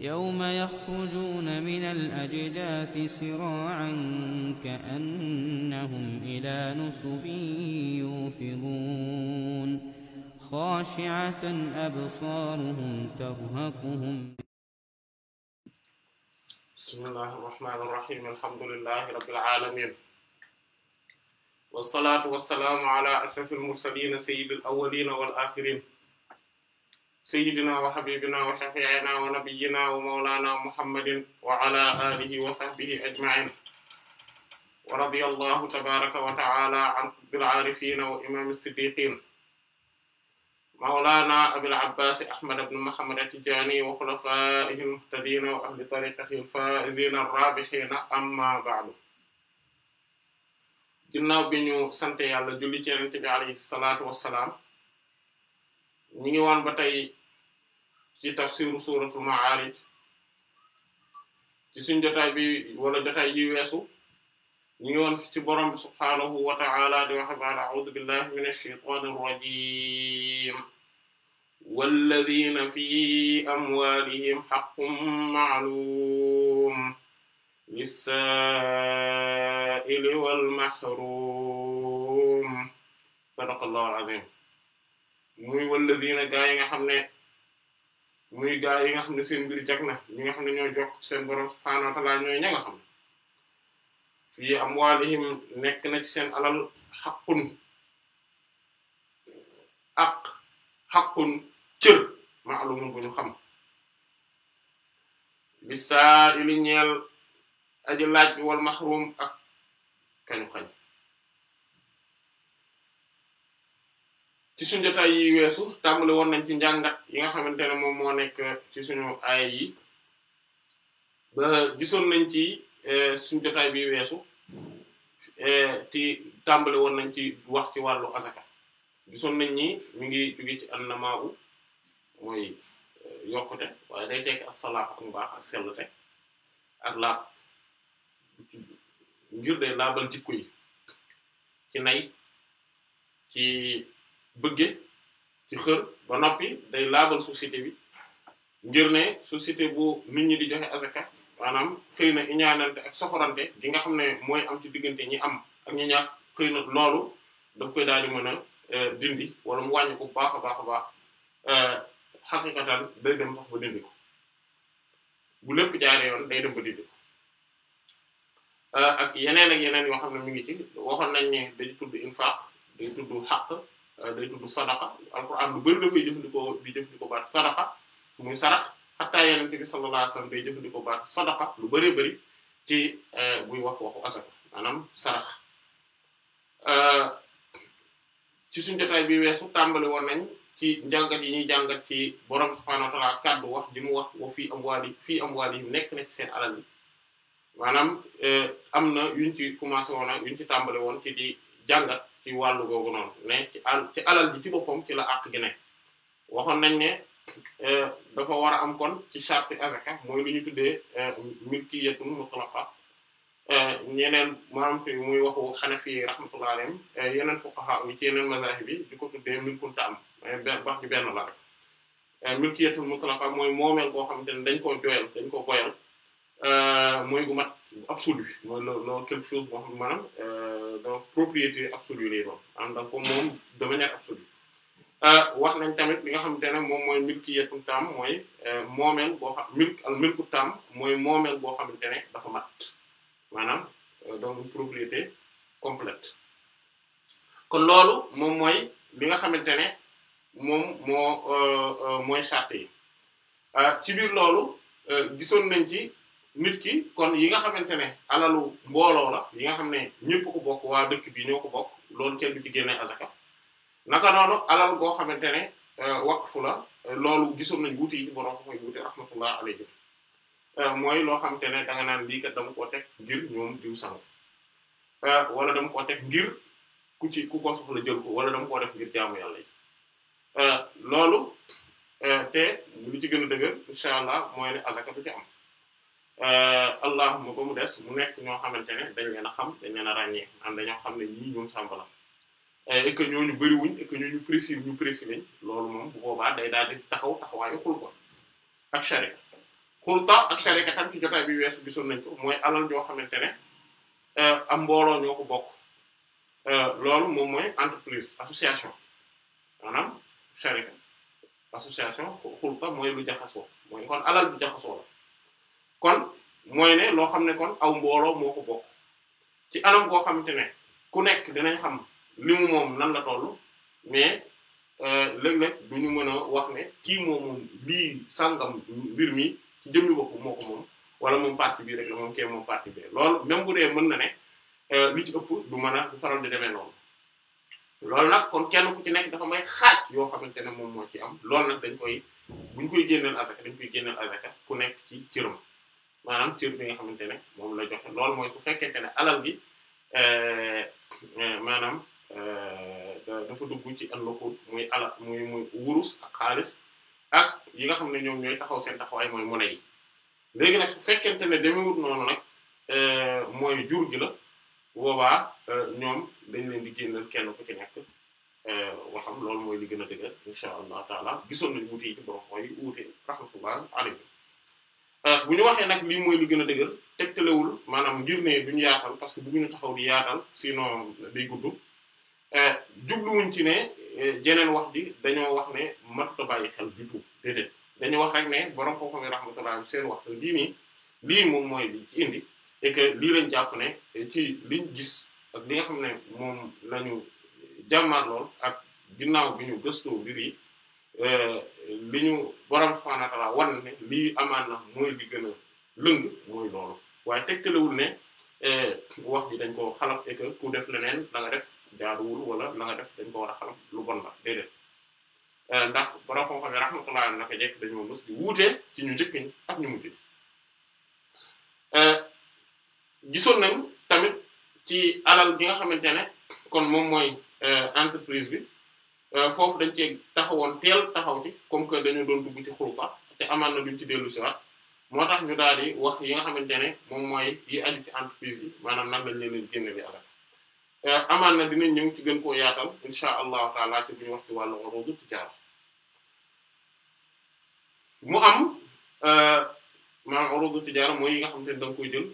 يوم يخرجون من الأجداث سراعا كأنهم إلى نصب يوفضون خاشعة أبصارهم ترهقهم بسم الله الرحمن الرحيم الحمد لله رب العالمين والصلاة والسلام على أشرف المرسلين سيد الأولين والآخرين sayyidina wa habibina wa shafi'ina wa nabiyyina wa mawlana muhammadin wa ala alihi wa sahbihi ajma'in wa radiyallahu tabaraka wa ta'ala an qutbil arifin wa imam as-siddiqin mawlana abil abbas ahmad ibn muhammad at-tijani wa khulafa'ihi al-muhtadin wa ahli tariqatihi al-faizin ar-rabihin amma ba'du ginnaaw bi ñu sante yàlla julli ci yonent bi alayhi salatu wassalam ñu ngi woon ba tey ci tafsiru suratul ma'arij ci suñ jotaay bi wala jotaay yi weesu ñu ngi woon ci borom bi subhaanahu wa ta'ala di wax ba a'udhu billahi minash shaytanir rajim walladhina fi amwalihim haqqun ma'lum lis-sa'ili wal mahrum sadaqallahu alazim muy wallazina gaa yi nga xam ne muy gaa yi nga xam ne seen mbir jag na ñi nga xam ne ñoo jokk seen borom subhaanahu wa ta'aala ñooy ña nga xam ne fii amwaalihim nekk na ci seen alal xaqun ak xaqun cër ma'lumun bu ñu xam bisaa ili ñeel aji laaj wal mahrum ak kañu xañ ci suñu yi weesu tàmbali woon nañ ci njàngat yi nga xamante ne moom moo nekk ci suñu aaya yi ba gisoon nañ ci eh, suñu jotaay bi weesu eh, ti tàmbali woon nañ ci wax ci wàllu asaka gisoon nañ ni mi ngi jóge ci annamaabu mooy eh, yokkute waaye day tekk as-salaax ak mbaax ak sellute ak laab ngir de laabal jikko yi ci nay ci bëgge ci xër ba noppi day laabal société bi ngir ne société bu nit ñi di joxe azaka maanaam xëy na iñaanante ak soxorante gi nga xam ne mooy am ci diggante ñi am ak ñi ñàkk xëy na koy daal di mën a euh, dindi wala mu wàññi ko baax baax a baax euh, xaqiqatan day dem sax ba dindi ko bu lépp jaare yoon day dem ba dindi ko euh, ak yeneen ak yeneen yoo xam ne mi ngi ci waxoon nañ ne dañu tudd infaq dañu tudd xaq Euh, day tudd sadaqa alquran lu bëri dafay jëfandikoo di jëfandikoo baat sadaqa muy sarax xataa yenente bi sallallahu alayhi wasallam day jëfandikoo baat sadaqa lu bëree bëri ci buy euh, wax waxu asaka maanaam sarax euh, ci suñu jotaay bi weesu tàmbali woon nañ ci njàngat yi ñuy jàngat ci borom subhanahu wa ta'ala wax ji mu wax wa fii amwaali fii amwaali yi nekk na ci seen alal yi maanaam am na yuñ ci commencé woon ak yuñ ci tàmbali woon ci di jàngat ci wàllu googu noonu mais ci al ci alal ji ci boppam ci la àq gi ne waxoon nañ ne euh, dafa war a am kon ci charte azaka mooy lu ñu tuddee euh, milkiyatun mutlaqa euh, ñeneen maanaam te muy waxu Hanafi rahmatullahi alayhim yeneen fuqaha yi ci yeneen mazahib bi di ko tuddee milkun taam bax gi benn la rek milkiyatun mutlaqa mooy moomeel boo xamante ne dañ koo joyal dañ koo boyal Euh, mooy gu mat absolu mooy loo loo quelque chose boo xam euh, donc moom de manière absolue euh, wax nañ tamit li nga xamante ne moom mooy milkiyatu taam mooy moomeel boo milk al taam mooy moomeel boo xamante ne dafa mat maanaam donc propriété complète kon loolu moom mooy li nga xamante ne moom moo mooy charte yi ci biir loolu gisoon nañ ci nit ki kon yi nga xamante ne alalu mbooloo la yi nga xam ne ñëpp bokk waa dëkk bi ñoo ko bokk loolu kenn du ci génne azaka naka noonu alal goo xamante ne euh, waqfu la euh, loolu gisoon nañ guti yi ci borom koy wuute rahmatullah alayhi euh, mooy loo xamante ne danga naan lii kat dama koo teg ngir ñoom diw wala dama koo teg ngir ku ci ku ko soxla ko wala dama koo def ngir jaamu yàlla yi loolu te lu ci gën a dëgër incha allah mooy ne azaka du ci am. Euh, allahumma ba mu des mu nekk ñoo xamante ne dañ leen a xam dañ leen a ràññee am dañoo xam ne ñii ñoom Samba la euh, et que ñooñu bëriwuñ et que ñooñu précis ñu précis lañ loolu moom bu boobaa day daal di taxaw taxawaayu xulqa ak sharika xulqa ak sharika bi weesu gisoon nañ mooy alal joo xamante ne euh, am mbooloo ñoo ko loolu moom mooy entreprise association maanaam sharika association xulqa mooy lu jaxasoo mooy kon alal bu jaxasoo la kon mooy ne loo xam ne kon aw mbooloo moo ko bokk ci anam goo xamante ne ku nekk dinañ xam li mu moom nan la toll mais euh, léeg-léeg du ñu mën a wax ne kii moomu lii sangam mbir mi ci jëmmi bopp ko moom wala moom parti bi rek la moom kee moom parti bi loolu bu dee mën na ne euh, li ci ëpp mën a du faral di demee noonu loolu nag kon kenn ku ci nekk dafa may xaaj yoo xamante ne moom moo ci am loolu nag dañ koy buñ koy génneel azaka dañ koy génneel azaka ku nekk ci cëram maanaam cër bi nga xamante ne moom la joxe loolu mooy su fekkente ne alal gi euh, euh, maanaam euh, dafa dugg ci alnukut muy alal muy muy wurus ak xaalis a yi nga xam ne ñoom ñooy taxaw seen taxawaay mooy monnaie yi léegi nag su fekkente ne demewut noonu nag mooy jur gi la boobaa ñoom dañ leen di génnal kenn ku ci nekk loolu mooy li gën a dëgër incha allah taala gisoon nañ wuute yi ci borom mooy wuute Euh, bu ñu waxee nag lii mooy lu gën a dëgër tegtalewul maanaam ngir ne ñu yaatal parce que bëgguñu taxaw di yaatal sinon day gudd euh, jubluwuñ ci ne euh, jeneen wax bi dañoo wax ne matuta bàyyi xel du tout dañu wax rek ne borom xam-xam yi rahmatullah seen wax lii nii lii moom mooy li indi que lii lañ jàpp ne ci liñ gis ak li nga xam ne moom lañu jàmmaat lool ak ginnaaw bi ñu gëstoo mbir yi Euh, li ñu borom subhaanahu wa ta'aala wan ne lii amaan mooy li gën a lëng mooy loolu waaye tegtalewul ne euh, wax gi dañ ko xalab et ku def leneen la nga def jaaduwul wala la def dañ ko war a lu bon la déedéet euh, ndax borom xam-xam yi rahmatullahi alayhim naka jekk dañoo mës di wuute ci ñu njëkk ñi ak ñu mujj gisoon nañ tamit ci alal bi nga xamante ne kon moom mooy entreprise bi Euh, foofu dañ cee taxawoon teel taxaw ci comme que dañu doon dugg ci xurufa te amaan na duñ ci dellu siwaat moo tax ñu daal yi wax yi nga xamante ne moom mooy yi aju ci yi maanaam nag lañ leen leen génne li asak euh, amaan na dinañ ñëw ci gën koo yaatal insha wax ci wàllu am euh, maanaam urudu tijaara mooy yi nga xam ne da nga koy jël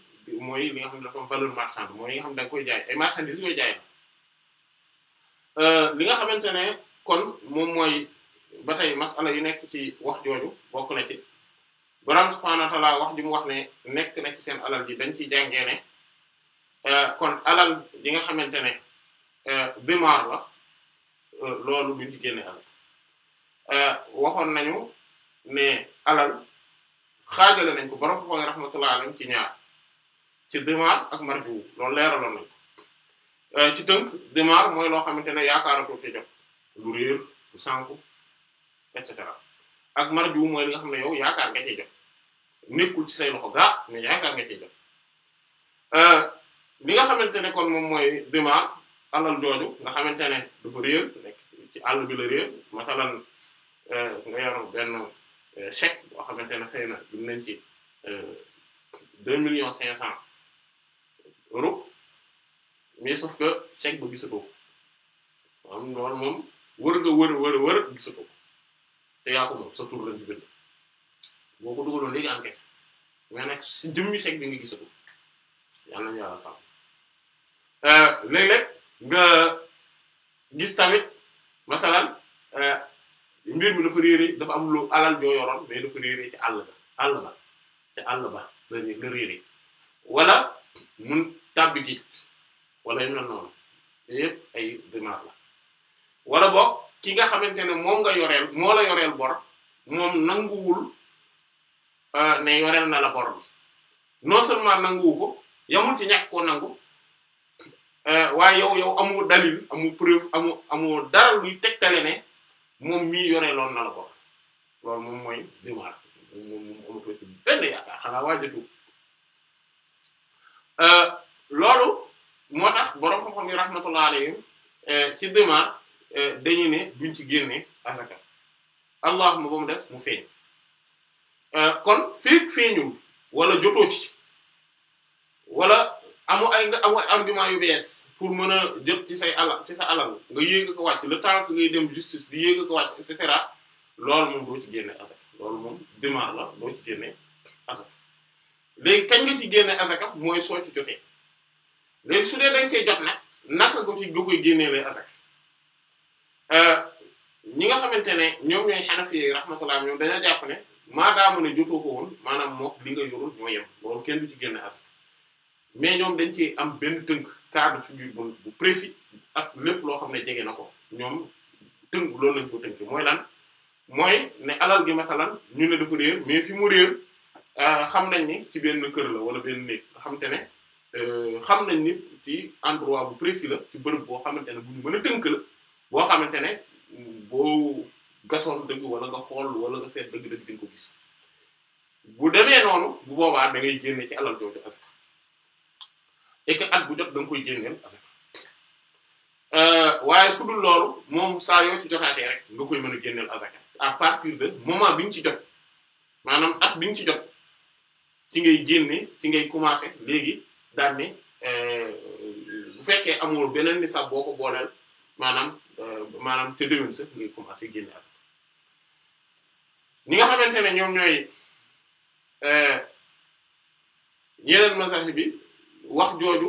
mooy li nga xam ne dafa am valeur marchande mooy yi nga xam ne da koy jaay ay marchandises koy jaay Euh, li nga xamante ne kon moom mooy ba tey masala yu nekk ci wax jooju bokk na ci borom subhanahu wa wax ji mu wax ne nekk na ci seen alal ji dañ ciy jàngee ne euh, kon alal ji nga xamante ne euh, bimaar la loolu duñ ci génne alal waxoon nañu ne alal xaajale nañ ko borom subhanahu wa rahmatullahi alayhi ci ñaar ci bimaar ak marju loolu leeraloon nañ Euh, ci tënk démarre mooy loo xamante ne yaakaaratoo ci jot lu réer lu sànku et cetera ak marju mooy li nga xam ne yow yaakaar nga cee jot nekkul gaa mais yaakaar nga cee euh, li nga xamante ne kon moom mooy démarre alal jooju nga xamante ne dafa réer ci àll bi la réer masalan euh, nga yor benn chèque boo xamante ne xëy na dinañ ci deux millions cinq cents mais sauf que chèque ba gisatoo ko maanaam loolu moom wër nga wër wër wër gisatoo ko te yaa ko moom sa tur lañ ci bind boo ko dugaloon léegi encaissé mais bi nga gisatoo yal nañu yàlla sàmm euh, léeg-léeg euh, mi dafa réeré dafa am lu alal joo yoroon mais dafa réeré ci àll ba àll ba ci àll ba la réeré wala mun tàbbi ji. wala yu mel noonu yëpp la wala boog ki nga xamante ne moom nga yoreel moo yoreel bor moom nanguwul euh, ne yoreel na la bor bi non seulement nanguwu ko yamul ci ñàkk koo nangu euh, waaye yow yow amoo dalil amoo preuve amoo dara luy tegtale ne moom mii yoreeloon na la bor loolu moom mooy dimaar moom moom amatoo ci benn yaakaar xanaa waajatu euh, loolu. moo tax borom xam-xam yi rahmatullah eh, ci dema eh, dañu ne duñ ci génne asaka allahuma ba mu des mu feeñ eh, kon féeg feeñu wala jotoo ci wala amu ay nga amu ay argument yu bees pour mën a jot ci say alal ci sa alal nga yéeg ko wàcc le temps que ngay dem justice di yéeg ko wàcc et cetera loolu moom doo ci génne asaka loolu moom démarre la doo ci génne asaka léegi kañ nga ci génne asaka mooy soo ci jotee léegi su dee dañ cee jot nag naka nga ci dugg génnee lay asaka euh, ñi nga xamante ne ñoom ñooy Hanafi yi rahmatullah ñoom dañoo jàpp ne maadaama ne jotoo ko maanaam mook li nga yorul ñoo yem loolu kenn du ci génne asaka mais ñoom dañ ci am benn tënk cadre figure bu bu précis ak lépp loo xam ne jege na ko ñoom tënk loolu lañ ko tënk mooy lan mooy ne alal gi masalan ñu ne dafa réer mais fi mu réer euh, xam nañ ni ci benn kër la wala benn néeg nga xamante ne Euh, xam nañ ni ci endroit bu précis la ci bërëb boo xamante ne bu ñu mën a tënk la boo xamante ne boo gasoon dëgg wala nga xool wala nga seet dëgg-dëgg di nga ko gis bu demee noonu bu boobaa da ngay génne ci alal jooju asaka et que at bu jot da nga koy génneel asaka euh, waaye su dul moom saa yoo ci jotaatee rek nga koy mën a à partir de moment bi ñu ci jot maanaam at bi ci jot ci ngay génne ci ngay commencer léegi daan ni eh, bu fekkee amul beneen sax boo ko booleel maanaam eh, maanaam te déwén sax ngay commencé génne nga xamante ne ñoom ñooy eh, yeneen message bi wax jooju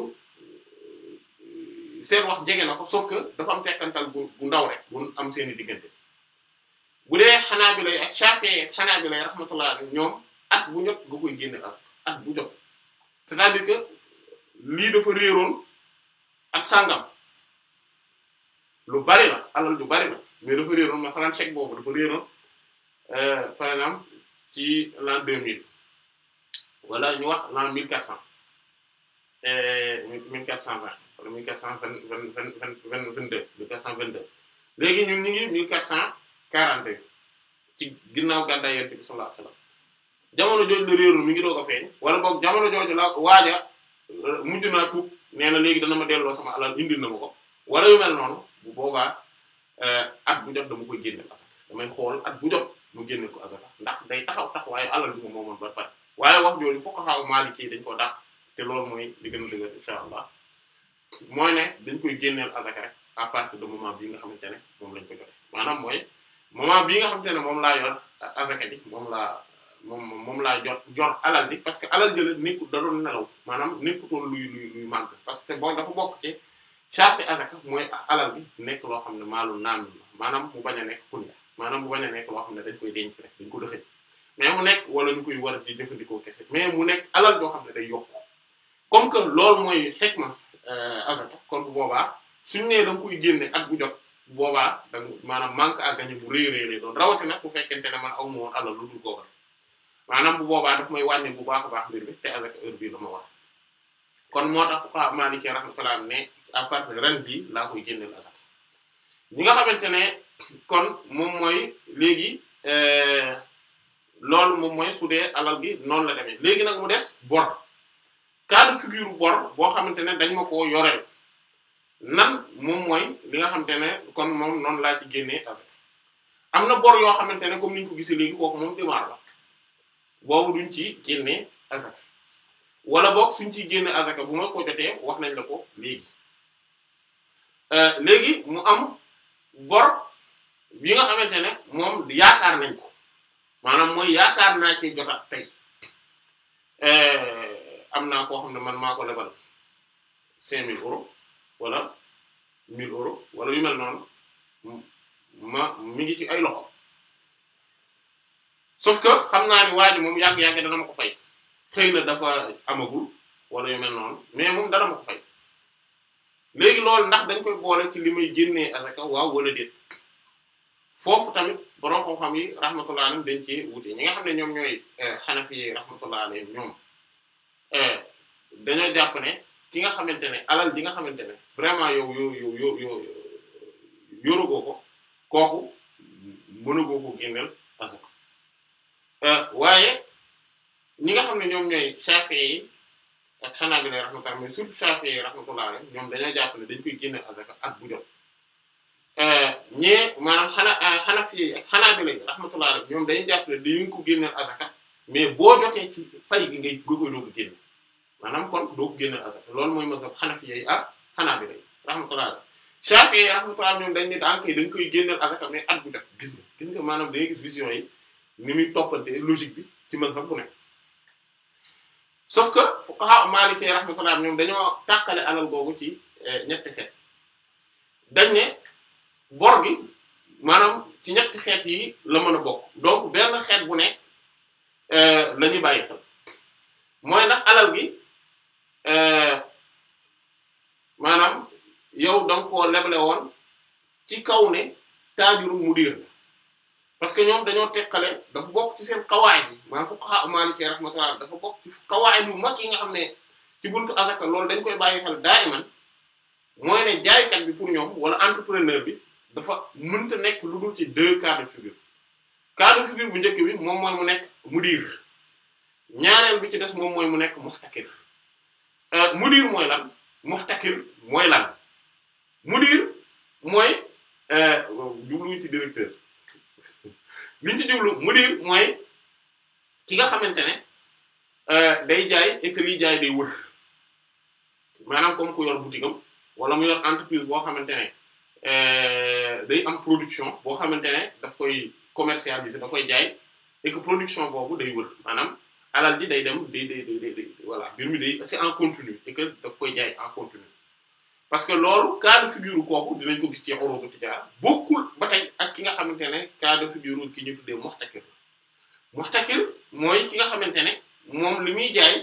seen wax jege na ko sauf que dafa am tekkantal bu ndaw rek bu am seeni diggante bu dee xanaa bi lay ak Shafi'i ak xanaa bi lay rahmatullah ñoom at bu jot nga koy génne at bu jot cest que lii dafa réeroon ak sàngam lu bari la alal lu bari la mais dafa réeroon masalan chèque boobu dafa réeroon euh, par exemple ci l'an deux mille wala ñu wax l'an mille quatre cent euh, mille quatre cent vingt wala mille quatre cent vingt deux léegi ñu ngi mille quatre cent quarante ci ginnaaw gàddaay Yonent bi sallallahu alayhi wasallam jamono jooju réeroon mi ngi doog feeñ wala boog jamono jooju la waaja mujj naa tuub nee na léegi dana ma delloo sama alal indil na ma ko wala yu mel noonu bu boobaa eh, at bu jot dama koy génneel asaka damay xool at bu jot mu génneel ko asaka ndax day taxaw taxawaayu alal bi ma ba pare waaye wax jooju fuqaha maliki yi dañ ko dàq te loolu mooy li gën a dëgër allah mooy ne dañ koy génneel asaka rek à partir de moment bii nga xamante ne moom lañ ko joxe maanaam mooy moment bi nga xam ne moom laa yor asaka bi moom laa. moom moom laa jot jor alal bi parce que alal jële nekkut da doon nelaw maanaam nekkutoon luy luy luy màgg parce que boo dafa bokk ci charte azaka mooy alal bi nekk loo xam ne maalu naamin maanaam mu bañ a nekk kunya maanaam mu bañ a nekk loo xam ne dañ koy denc rek dañ ko dëxëñ mu nekk wala ñu war a di jëfandikoo kese mais mu nekk alal boo xam ne day yokk comme que loolu mooy xikma euh, azaka kon bu boobaa suñu nee da nga koy génne bu jot boobaa da maanaam manque à gagner bu rëy rëy lay doon rawatina su fekkente ne man aw ma woon alal lu dul googal maanaam bu boobaa daf may wàññi bu baax baax mbir mi te azaka heure bii la ma war kon moo tax fuqaha maliki rahmatullah ne à part ren jii laa koy génneel azaka ñi nga xamante ne kon moom mooy léegi euh, loolu moom mooy su dee alal gi noonu la demee léegi nag mu des bor cas de figure bor boo xamante ne dañ ma koo yoreel nan moom mooy li nga xamante ne kon moom noonu laa ci génnee azaka am na bor yoo xamante ne comme niñ ko gisee léegi kooku moom démarre la boobu duñ ci génne azaka wala boog suñ ci génne azaka bu ma ko jotee wax nañ la ko léegi euh, léegi mu am bor bi nga xamante ne moom yaakaar nañ ko maanaam mooy yaakaar naa ci jotaat tey euh, am naa koo xam ne man maa ko lebal cinq mille euros wala mille euros wala yu mel noonu ma mi ngi ci ay loxo sauf que xam naa ni waa moom yàgg-yàgg dana ma ko fay xëy na dafa amagul wala yu mel noonu mais moom dana ma fay léegi loolu ndax dañ koy boole ci li may génnee asaka waaw wala déet foofu tamit borom xam-xam yi rahmatullah alayhim dañ ci wute ñi nga xam ne ñoom ñooy xanafi eh, yi rahmatullah alayhim ñoom eh, dañoo jàpp ne ki nga xamante ne alal ji nga xamante ne vraiment yow yow yow yow yow yoragoo ko kooku mënagoo ko génneel asaka Euh, waaye ñi nga xam ne ñoom ñooy Shafi'i yi ak Hanabila rahmatullah ñoom dañoo jàpp ne dañ koy génne azaka at bu jot euh, ñee maanaam xana Hanafi yi ak Hanabila ñoom dañuy jàpp ne ko génne azaka mais boo jotee ci fay gi ngay góob doo ko génne maanaam kon doo ko génne azaka loolu mooy mazhab Hanafi yi ak Hanabila rahmatullah Shafi'i yi rahmatullah ñoom dañ ne ah, da nga koy da nga koy génne azaka mais at bu gis nga gis nga maanaam da ngay gis vision yi. ni muy toppantee logique bi ci mazhab bu nekk sauf que fuqaha maliki rahmatullah ñoom dañoo tàkkale alal googu ci eh, ñetti xeet dañ ne bor gi maanaam ci ñetti xeet yi la mën a bokk donc benn xeet bu nekk eh, la ñuy bàyyi xel mooy ndax alal gi eh, maanaam yow danga koo leble woon ci kaw ne taajurum mudir parce que ñoom dañoo teqale dafa bokk ci seen xawaay bi maanaam fuqaha maliki rahmatullah dafa bokk ci xawaay bu mag yi nga xam ne ci bunt asaka loolu dañ koy bàyyi xel daayiman mooy ne jaaykat bi pour ñoom wala entrepreneur bi dafa mënta nekk lu dul ci deux cas de figure cas de bu njëkk bi moom mooy mu nekk mudir ñaareel bi ci des moom mooy mu nekk muxtakir euh, mudir mooy lan muxtakir mooy lan mudir mooy euh, ci directeur liñ ci jublu mudir mooy ki nga xamante ne euh, day jaay et li liy jaay day wër maanaam comme ku yor boutique am wala mu yor entreprise boo xamante ne euh, day am production boo xamante ne daf koy commercialiser daf koy jaay et production boobu day wër maanaam alal ji day dem day day day day voilà mbir mi day c'est en continu daf koy jaay en continu parce que loolu cas de figure kooku dinañ ko gis ci uruutu tijaara bokkul ba tey ak ki nga xamante ne cas de ki ñu tuddee muxtakir muxtakir mooy ki nga xamante ne moom li muy jaay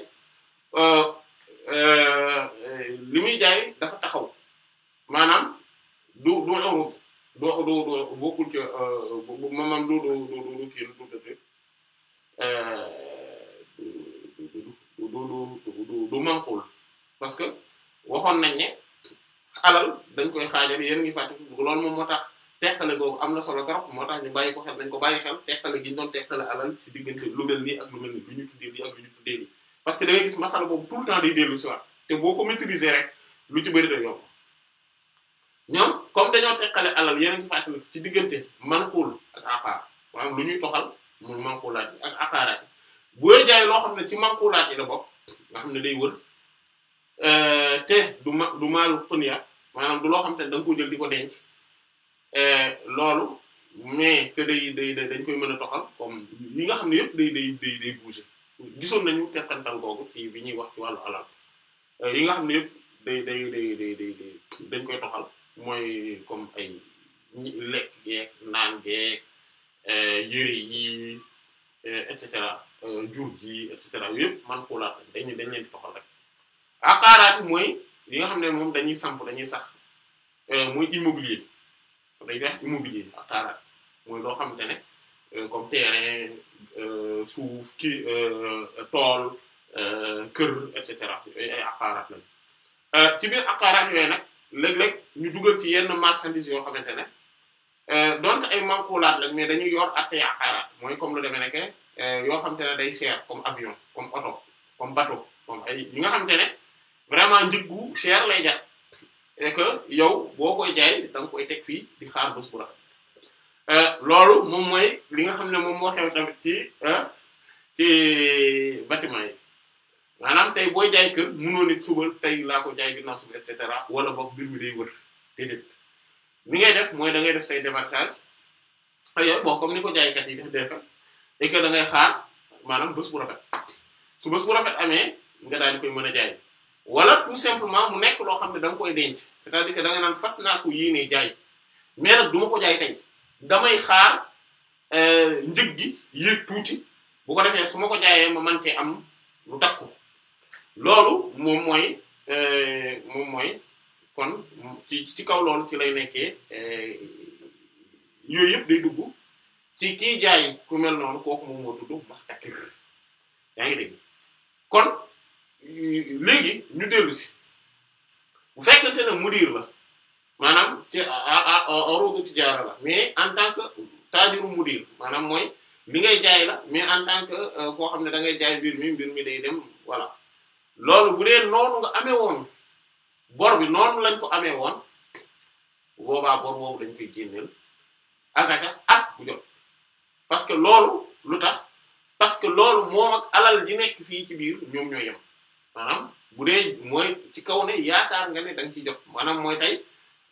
muy jaay dafa taxaw maanaam du du uruut parce que waxoon nañ ne. alal dañ koy xaajal yéen ngi fàtte loolu moom moo tax teqale googu am na solo trop moo tax ñu bàyyi ko xel dañ ko bàyyi xel teqale gi ñu doon teqale alal ci diggante lu mel nii ak lu mel lu que da ngay gis masala boobu tout le te boo ko rek lu ci bëri da yomb ñoom comme dañoo teqale ci diggante manquul ak aqaar maanaam lu ñuy toxal mu manquulaat bi ak aqaaraat bi bu lay loo xam ne ci manquulaat yi la bokk nga xam ne day wër euh, te du ma du maalu pënia maanaam du loo xam te ne da nga ko jël di ko denc eh, loolu mais que day day dañ koy mën a toxal comme yi nga xam ne yëpp day day day day bouger gisoon nañu teqantal googu ci bi ñuy wax ci wàllu alal eh, yi nga xam ne yëpp day day day day dañ koy toxal mooy comme ay lekk geek naan geek eh, yëre yi et cetera jur gi et cetera yëpp man kulaat dañ dañ leen di mooy yi nga xam ne moom dañuy samp dañuy sax euh, muy immobilier dañuy wax immobilier ak taaraat mooy loo xamante ne euh, comme terrain euh, suuf ki tool kër et cetera ay aqaaraat lañ ci biir aqaaraat yooyu nag léeg-léeg ñu dugal ci yenn marchandises yoo xamante ne donte ay manquulaat lañ mais dañuy yor àtte aqaaraat mooy comme lu demee nekke yoo xamante ne day cher comme avion comme oto comme bateau comme ay ñi nga ne vraiment njëggu cher lay jar et yow boo koy jaay da koy teg fi di xaar bés bu rafet euh, loolu moom mooy li nga xam ne moom moo xew tamit ci euh, ci bâtiment yi maanaam tey booy jaay kër mënoo nit subal tey laa jaay ginnaaw suba et cetera wala boog mbir mi day wër déedéet li ngay def mooy da ngay def say démarchage aywa bon comme ni ko jaaykat yi def def et que da ngay xaar maanaam ba bu rafet su bés bu rafet amee nga daal di koy mën a jaay. wala tout simplement mu nekk loo xam ne da koy denc c'est-à-dire que da naan fas naa ko yéenee jaay mais nag du ko jaay tey damay xaar euh, njëg gi yéeg tuuti bu ko defee su ma ko jaayee ma man cee am lu takku loolu moom mooy euh, moom kon ci ci kaw loolu ci lay nekkee euh, yooyu yëpp day dugg ci kiy jaay ku mel noonu kooku moom moo tudd maxtakir yaa ngi dégg kon léegi ñu dellu si bu fekkente ne mudir la maanaam ci arudu tijaara la mais en tant que taajiru mudir maanaam mooy li ngay jaay la mais en tant que euh, koo xam ne da ngay jaay mbir mi mbir mi day dem wala loolu bu dee noonu nga amee woon bor bi noonu lañ ko amee woon boobaa bor boobu dañ koy génneel azaka at bu jot parce que loolu lu tax parce que loolu moom ak alal ji nekk fii ci biir ñoom ñoo yem maanaam bu dee mooy ci kaw ne yaakaar nga ne da nga ci jot maanaam mooy tey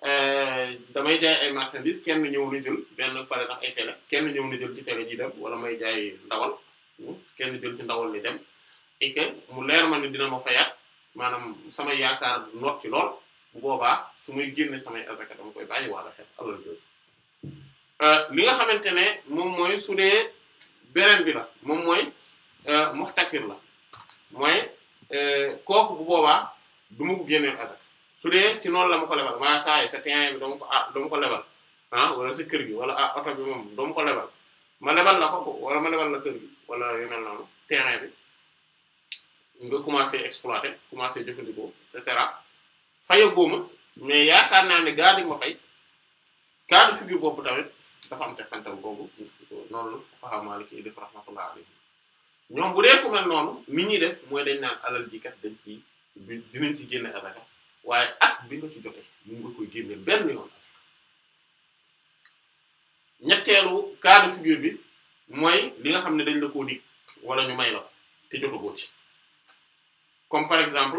euh, damay jaay ay marchandise kenn ñëw na jël benn par exemple ay télé kenn ñëw na jël ci télé ji dem wala may jaay ndawal hmm, kenn jël ci ndawal ni dem et que mu leer ma ne dina ma fayaat maanaam sama yaakaar noot ci lool bu boobaa su muy génne samay azaka dama koy bàyyi wala xet alal jooju euh, li nga xamante ne moom mooy su dee beneen bi la moom mooy euh, muxtakir la mooy Euh, kooku bu boobaa du ma ko génneel azak su dee ci noonu la ma ko lebal waaye saa sa terrain bi dama ko ah dama ko lebal ah, wala sa kër gi wala ah oto bi moom dama ma lebal la ko wala ma lebal la kër gi wala yu mel noonu terrain bi nga commencé exploiter commencé jëfandikoo et cetera fayagoo ma mais yaakaar naa ne gaa di ma fay gaa di figure boobu tamit dafa am teqantal googu noonu la fuqaha maliki yi def rahmatullah alayhi ñoom bu dee mel noonu mi ñuy def mooy dañ naan alal ji dañ ci dinañ ci génne asaka waaye at bi nga ci jote mu nga koy génne benn yoon asaka ñetteelu bi mooy li nga xam ne dañ la koo dig wala ñu may te jotagoo ci comme par exemple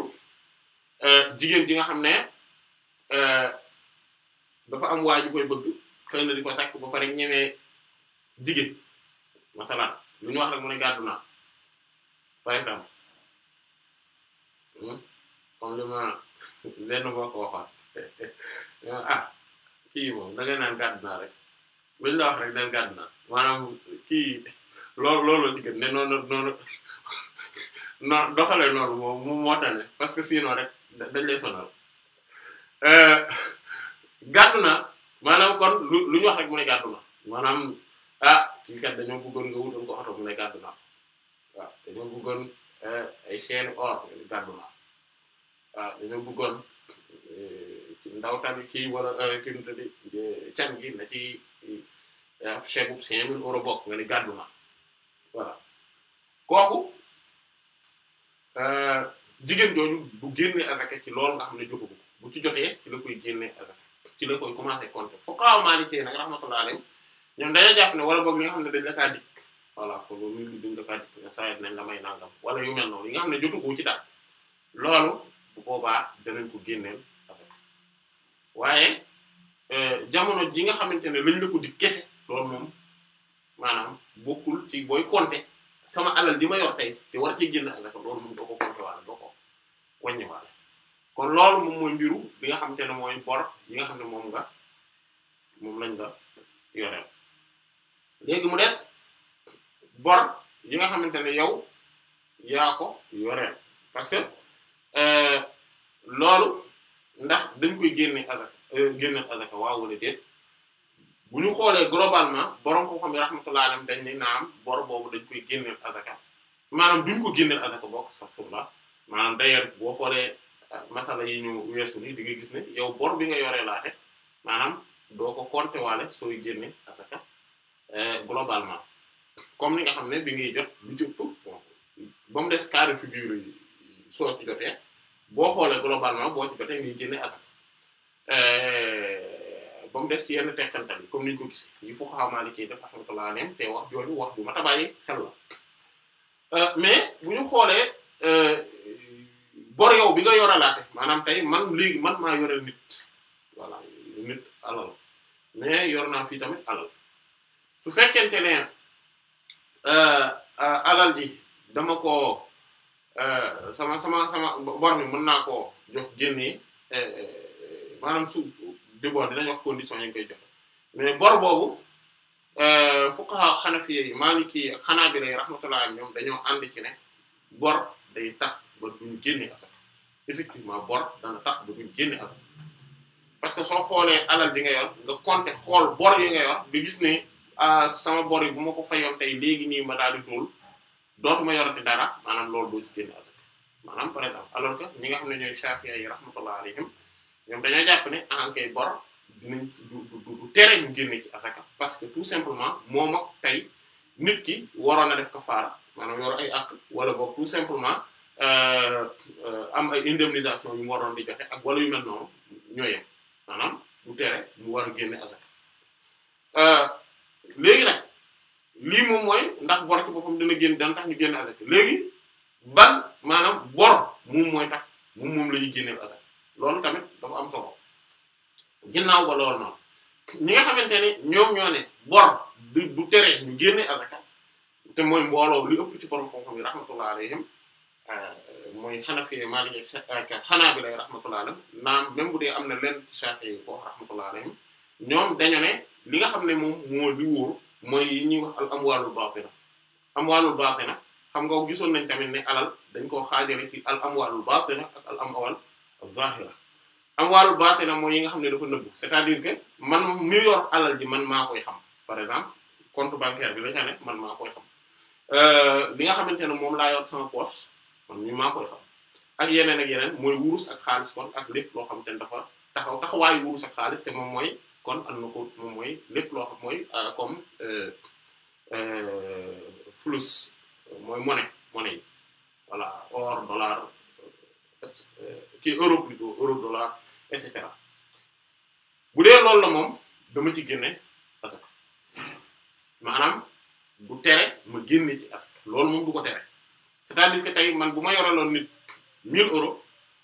euh, jigéen ji nga xam ne euh, dafa am waa ji koy bëgg xëy na di ko takk ba pare ñemee jigéen masalan lu ñu wax rek mu ne gàddu naa par exemple hmm, comme li ma lenn boo ko waxoon ah kii moom da ngay naan gàdd naa rek buñ la wax rek dañ gàdd naa maanaam kii loolu loolu ci gën ne noonu noonu non doxalee noonu moom moo tane parce que sinon rek dañ lay sonal euh, gàddu na maanaam kon lu lu ñu wax rek mu ne gàddu na maanaam ah kii kat dañoo bëggoon nga wutal ko oto waaw dañoo bëggoon eh, ay chaîne or ñu gàddu la waaw dañoo bëggoon eh, ndaw tamit kii war a eh, mu tëddi can gi na ci seen bu cinq mille bokk nga ni gàddu la voilà kooku jigéen jooju bu génnee asaka ci loolu nga xam ne jotagu ko bu ci jotee ci la koy génnee asaka ci la koy commencer compter foo ko aw maa ngi cee nag rahmatullah ñoom dañoo jàpp ne wala boog li xam ne dañ la kaa dikk. voilà kon loolu muy nañ la may nangam wala yu mel noonu yi nga xam ne jotu ko ci daal loolu bu boobaa danañ ko génneel asaka waaye euh, jamono ji nga xamante ne lañ la ko di kese loolu moom maanaam bokkul ci booy compter sama alal di ma yor tey te war ci génn asaka loolu ko kon loolu moom mooy mbiru bi nga xamante ne mooy bor yi nga xam ne moom nga moom lañ la yoreel léegi mu des. bor yi nga xamante ne yow yaa ko yoreel parce que euh, loolu ndax dañ koy génne azaka euh, génne azaka waaw wala déet bu ñu xoolee globalement borom ko xam yi rahmatullahi alayhim dañ ne am bor boobu dañ koy génneel azaka maanaam duñ ko génneel azaka bokk sax pour la maanaam d'ailleurs boo xoolee euh, masala yi ñu weesu ni di nga gis ne yow bor bi nga yoree laate maanaam doo ko compter waale sooy génne azaka globalement comme ni nga xam ne bi ngay jot lu ci ba mu des cas de figure yi soo ci jotee boo xoolee globalement boo ci jotee ni génne asaka euh, ba mu des ci yenn tekkantal yi comme ni ñu ko gis yi foo xaamaali ciy def rahmatullah alayhim te wax jooju wax bu ma tabaayee xel la euh, mais bu ñu xoolee euh, bor yow bi nga yoralaate maanaam tey man léegi man maa yorel nit voilà nit alal mais yor naa fii tamit alal su fekkente ne Euh, euh, alal ji dama ko euh, sama sama sama bor bi mën naa koo jox génnee maanaam su dibor dinañ wax condition yi nga koy joxe mais bor boobu fuqaha xanafi yi maliki ak xanaabila yi rahmatullah ñoom dañoo ànd ci ne bor day tax ba duñ génne asak effectivement bor dana tax ba duñ génne asak parce que soo xoolee alal ji nga yor nga compter xool bor yi nga yor nga gis ne sama bor yi bu ma ko fayoon tey léegi nii ma daal di tuul dootuma yorati dara maanaam lool doo ci génn asaka maanaam par exemple alors que ñi nga xam ne ñooy Shafi'i yi rahmatullah alayhim ñoom dañoo jàpp ne ankay bor dinañ du du tere ñu génne ci asaka parce que tout simplement moom ak tey nit ki waroon a def kafaara maanaam yor ay àq wala boog tout simplement euh, euh, am ay indemnisation yu mu waroon di joxe ak wala yu mel noonu ñoo maanaam du tere mu war a génne léegi nag lii moom mooy ndax bor ci boppam dana génn dana tax ñu génn asaka léegi ban maanaam bor moom mooy tax moom moom la ñuy asaka loolu tamit dafa am solo ginnaaw ba loolu noonu ñi nga xamante ni ñoom ñoo ne bor du du tere ñu génne asaka te mooy mbooloo li ëpp ci borom xam-xam yi rahmatullah alayhim euh, mooy Hanafi Maliki Hanabila rahmatullah alayhim naam même bu dee am na leen ci Shafi'i ko rahmatullah ñoom dañu li nga xam ne moom moo bi wóor mooy yi ñuy wax al amwaalul baatina baaxe na xam nga gisoon nañ tamit ne alal dañ koo xaajale ci al am amwaalul baatina ak al amwaal am zaahira amwaalul na mooy yi nga xam ne dafa nëbbu c'est-à-dire que man mi yor alal ji man maa koy xam par exemple compte bancaire bi la ca man maa koy xam euh, li nga xamante ne moom laa yor sama poche man mi maa koy xam ak yeneen ak yeneen mooy wurus ak xaalis kon ak lépp loo xam ne dafa taxaw taxawaayu wurus ak xaalis moom mooy kon an na ko moom mooy lépp loo mooy euh, comme euh, euh, flux mooy monnaie monnaie yi voilà or dollar kii euro plutôt euro dollar et cetera bu dee loolu la moom dama ci génne asaka maanaam bu tere ma génne ci asaka loolu moom du ko tere c'est-à-dire que tey man bu ma yoreloon nit 1000 euros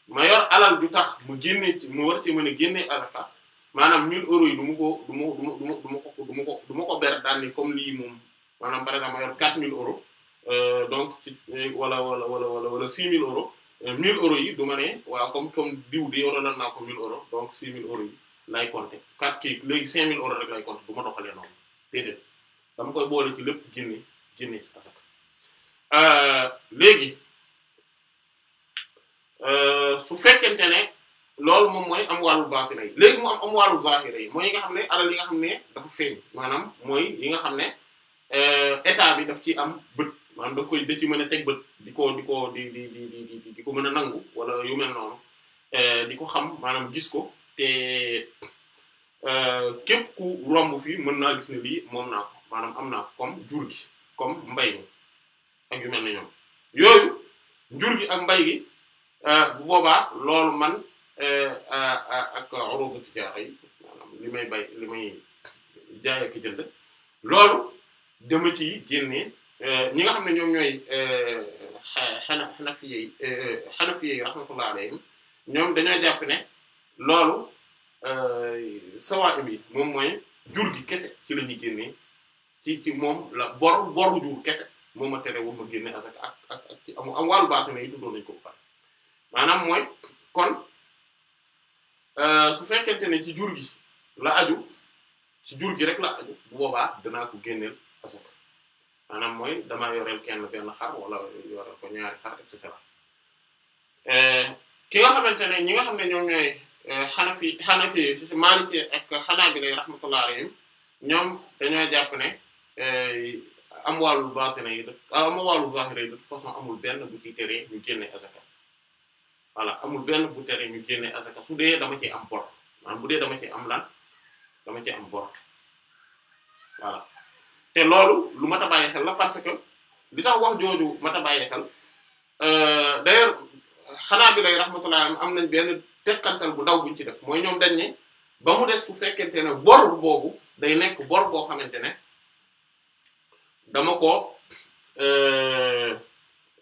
ma yor alal du tax mu génne mu war ci mën a génne asaka maanaam 1000 euros yi du ma ko du ma du ma ko du ma ko du ma ni comme lii moom maanaam par exemple ma yor 4000 euros euh, donc ci euh, wala wala wala wala wala 6000 euros 1000 euh, euros yi du ma ne waaw comme comme diw di yoroon naa ko 1000 euros donc 6000 euros yi lay compter 4 kii léegi 5000 euros rek lay compter du ma doxalee noonu déedéet dama koy boole ci lépp génne génne ci que léegi su fekkente ne. loolu moom mooy am wàllu baatina yi léegi mu am am wàllu zahira yi mooy yi nga xam ne alal yi nga xam ne dafa feeñ maanaam mooy yi nga xam ne euh, état bi daf ci am bët maanaam daf ci mën a teg bët di ko di ko di di di ko mën a nangu wala yu mel noonu euh, di ko xam maanaam gis ko te euh, képp ku romb fii mën naa gis ne lii moom naa ko maanaam am naa ko comme jur gi comme mbay mi ak yu mel ne yooyu jur gi ak mbay gi bu boobaa loolu man Euh, ak urubu tijaara yi maanaam li may bay li may jaay ak jënd loolu dama ci génne euh, ñi nga xam ne ñoom ñooy xana euh, xanafiye yi xanafiye yi rahmatullah alayhim ñoom dañoo jàpp ne loolu sawaa'im yi moom mooy jur gi kese ci la ñuy génnee ci ci moom la bor boru jur kese moom a tere wama génne asak ak ak ak ci am am wàllu baatu yi tuddoon nañu ko pare maanaam mooy kon Euh, su fekkente ne ci jur gi la aju ci jur gi rek la aju bu boobaa danaa ko génneel asaka maanaam mooy dama yoreel kenn benn xar wala yoreel ko ñaari xar et cetera euh, ki nga xamante ne ñi nga xam ne ñoom ñooy fi euh, xanafi maliki ak xanaabila rahmatullah alayhim ñoom dañoo jàpp ne amwaalul baatina yi de amwaalul zaahira yi de façon amul benn bu ci tere ñu génne asaka voilà amul benn bu tere ñu génne asaka su dee dama ci am bor maanaam bu dee dama ci am lan dama ci am bor voilà te loolu lu mat a xel la parce que li tax wax jooju mat a bàyyi xel euh, d'ailleurs xanaa bi lay rahmatullah am nañ benn tekkantal bu ndaw buñ ci def mooy ñoom dañ ne ba mu des su fekkente ne bor boobu day nekk bor boo xamante ne dama ko euh,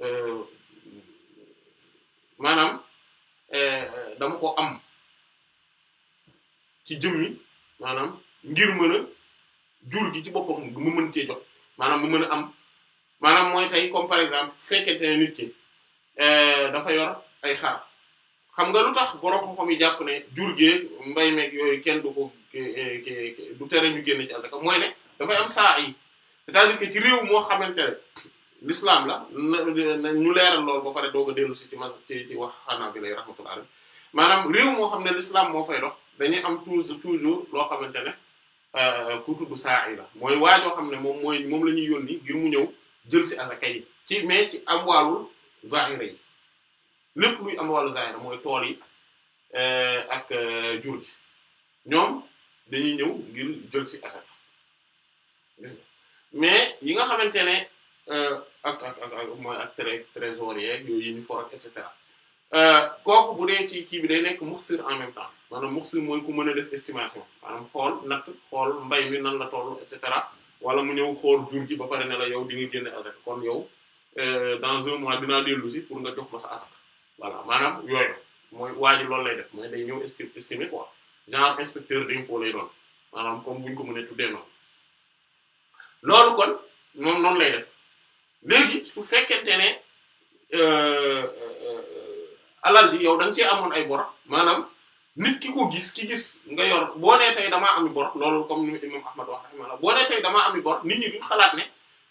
euh, maanaam eh, dama ko am ci jëmmi maanaam ngir mën jur gi ci boppam ma mën cee jot maanaam mu mën a am maanaam mooy tey comme par exemple fekkente ne nit ki eh, dafa yor ay xar xam nga lu tax borom xam-xam jàpp ne jur ge mbay meeg yooyu kenn du ko eh, du tere ñu génn ci azaka mooy ne dafay am saa yi c'est-à-dire que ci réew moo xamante ne l'islam la ñu leeral loolu ba pare doo ko dellu si ci ma ci ci wax xanaa bi lay rahmatul alam maanaam réew moo xam ne l'islam moo fay dox dañuy am toujours toujours loo xamante ne euh, ku tudd saa yi la mooy waajoo xam ne moom mooy moom la ñuy yónni ngir mu ñëw jël si asaka yi ci mais am wàllu zahira lépp luy am wàllu mooy tool yi euh, ak euh, jur ñoom dañuy ñëw ngir jël si asaka mais yi nga xamante ne Euh, ak ak ak ak mooy ak tré trésor yeeg yooyu uniforme ak et cetera euh, kooku bu dee ci kii bi day nekk muxsir en même temps maanaam muxsir mooy ku mën a def estimation maanaam xool natt xool mbay mi nan la toll et cetera wala mu ñëw xool jur ji ba pare ne la yow di nga génne asaka kon yow euh, dans un mois dinaa dellu si pour nga jox ma sa asaka voilà maanaam yooyu mooy waa ji loolu lay def mooy day ñëw estim estimer quoi genre inspecteur d'impôt lay doon maanaam comme buñ ko mënee tuddee noonu kon moom léegi su fekkente ne euh, euh, euh, alal bi yow da nga cee amoon ay bor maanaam nit ki ko gis ki gis nga yor boo nee tey damaa ami bor loolu comme ni imam Ahmad wax rahimahullah boo nee tey damaa ami bor nit ñi duñ xalaat ne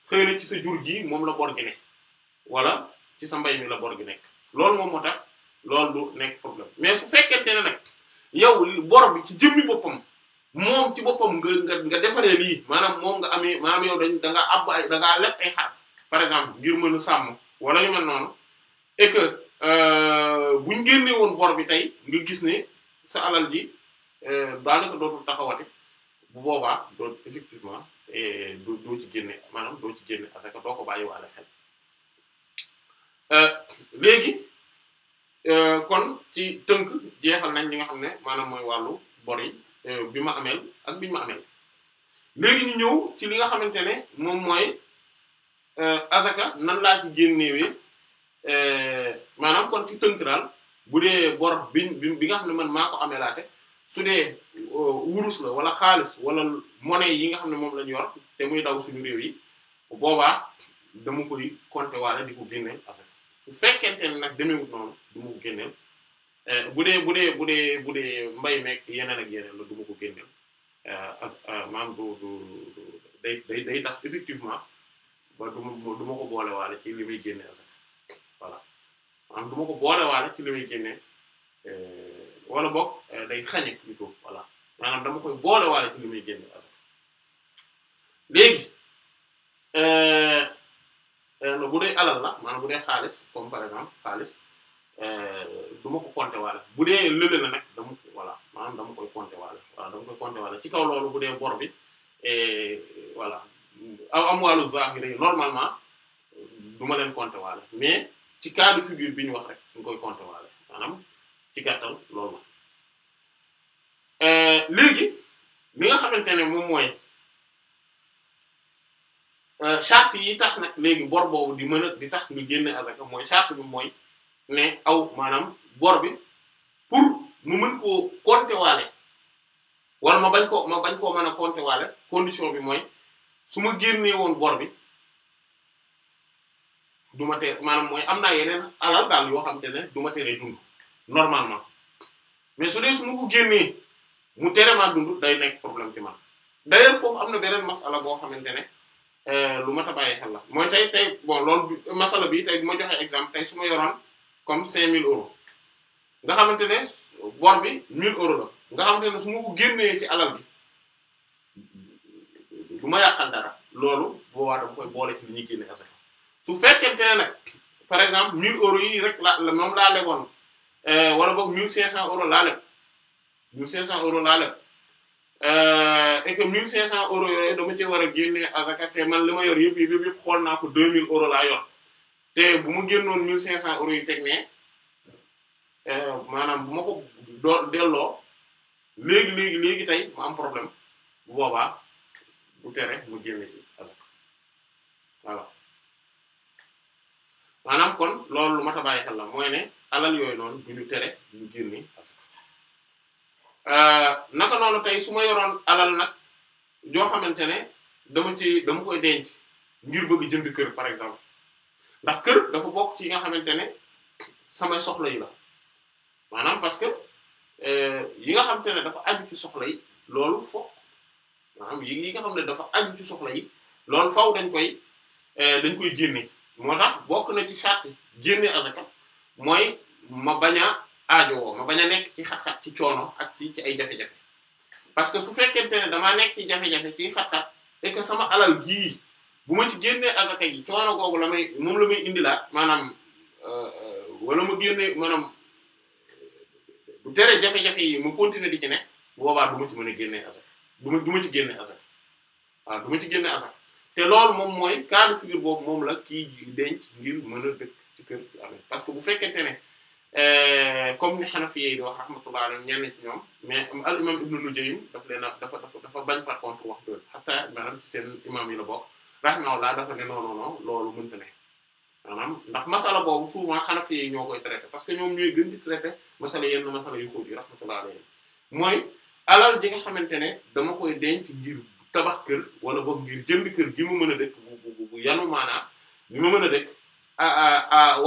xëy ci sa jur gi moom la bor gi ne wala ci sa mbay mi la bor gi nekk loolu moom moo tax loolu du nekk problème mais su fekkente ne nag yow bor bi ci jëmmi boppam moom ci boppam nga nga nga defaree lii maanaam moom nga amee maam yow dañ da nga ab da ngaa ay xar par exemple ngir mën a sàmm wala yu mel noonu et que euh, buñ génnee woon bor bi tey nga gis ne sa alal ji euh, daanaka dootul taxawati bu boobaa doot effectivement eh, doo doo ci génne maanaam doo ci génne parce que doo ko bàyyi waale xel euh, léegi kon ci tënk jeexal nañ li nga xam ne maanaam mooy wàllu bor yi bi ma ameel ak bi ñu ma ameel léegi ñu ñëw ci li nga xamante ne moom mooy Euh, azaka nan laa ci génnewee euh, maanaam kon ci tënk daal bu dee bor bi bi nga xam ne man maa ko amelaate su dee euh, wurus la wala xaalis wala monnaie yi nga xam ne moom lañu yor te muy daw suñu réew yi boobaa dama koy compter waale di ko génneel asaka su fekkee ne nag demeewut noonu du ma ko génneel bu dee bu dee bu dee bu dee mbay meeg yeneen ak yeneen la du ma ko génneel as du du day day day tax effectivement ba du ma du ma ko boolewaale ci li muy génne asaka voilà maanaam du ma ko boolewaale ci li muy génne eh, eh, dama koy boolewaale ci li muy génne asaka léegi eh, bu dee alal la maanaam bu dee xaalis comme par exemple xaalis du ma ko compter waale bu dee lële na nag dama ko voilà maanaam dama koy compter waale voilà dama koy compter waale ci kaw loolu bu dee bor bi voilà am aw amwaalu zahiri normalement du ma leen compter waale mais ci cas de figure bi ñu wax rek ñu koy compter waale maanaam ci gàttal loolu la euh, léegi li nga xamante ne moom mooy euh, charte yi tax nag léegi bor boobu di mën a di tax nga génne azaka mooy charte bi mooy ne aw maanaam boor bi pour mu mën koo compter waale wala ma bañ koo ma bañ koo mën a compter waale condition bi mooy su ma génnee woon bor bi du ma tee maanaam mooy am naa yeneen alal daal yoo xam te ne du ma teree dund normalement mais su dee su ko génnee mu tere maa dund day nekk problème ci man d'ailleurs foofu am na beneen masala boo xamante ne euh, lu ma tabaayee xel la mooy tey tey bon loolu masala bi tey bu ma joxee exemple tey su ma yoroon comme 5000 euros nga xamante ne bor bi 1000 euros la nga xamante ne su ma ko génnee ci alal bi. du ma yàqal dara loolu boobaa dama koy boole ci li ñuy génne asaka su fekkente ne nag par exemple 1000 euros yi rek la moom laa leboon euh, wala boog 1500 euros laa leb 1500 euros laa leb euh, et que 1500 euros yooyu dama ci war a génne asaka te man li ma yor yëpp yëpp yëpp xool naa ko 2000 euros laa yor te bu ma génnoon 1500 euros yi teg ne euh, maanaam bu ma ko delloo léegi léegi léegi tey ma problème bu boobaa. du tere mu génne ci azaka voilà maanaam kon loolu lu mat a xel la mooy ne alal yooyu noonu du ñu tere ñu génne azaka euh, naka noonu tey su ma yoroon alal nag joo xamante ne dama ci dama koy denc ngir bëgg jënd kër par exemple ndax kër dafa bokk ci yi nga xamante ne samay soxla yi la maanaam parce euh, yi nga xamante ne dafa aju ci soxla yi loolu fo maanaam yi yi nga xam ne dafa aju ci soxla yi loolu faw dañ koy eh, dañ koy génne moo tax bokk na ci sart génne azaka mooy ma bañ a aajowoo ma bañ a nekk ci xat-xat ci coono ak ci ci ay jafe-jafe parce que su fekkente ne damaa nekk ci jafe-jafe ci xat-xat et que sama alal gii bu ma ci génnee azaka yi coono googu la may moom la may indilaat maanaam euh, euh, wala ma génne maanaam bu jafe-jafe yi ma continuer di ci nekk boobaa du ma ci mën génnee azaka du ma ci génne azak waaw du ma ci génne azak te loolu moom mooy cas de figure boobu moom la kii denc ngir mën a dëkk ci kër parce que bu fekkente ne euh, comme ni Hanafi yi di wax rahmatullah alayhim ñenn ci ñoom mais al imam Ibn Nujaym daf leen dafa dafa bañ par contre wax dëgg hatta maanaam ci seen imam yi la bokk rahmatullah dafa ne non loolu mënta ne maanaam ndax masala boobu souvent Hanafi yi ñoo koy traité parce que ñoom ñooy gën di traité masala yenn masala yu alal ji nga xamante ne dama koy denc ngir tabax kër wala boog ngir jënd kër gi mu mën a dëkk bu bu bu yanu maanaa bi ma mën a dëkk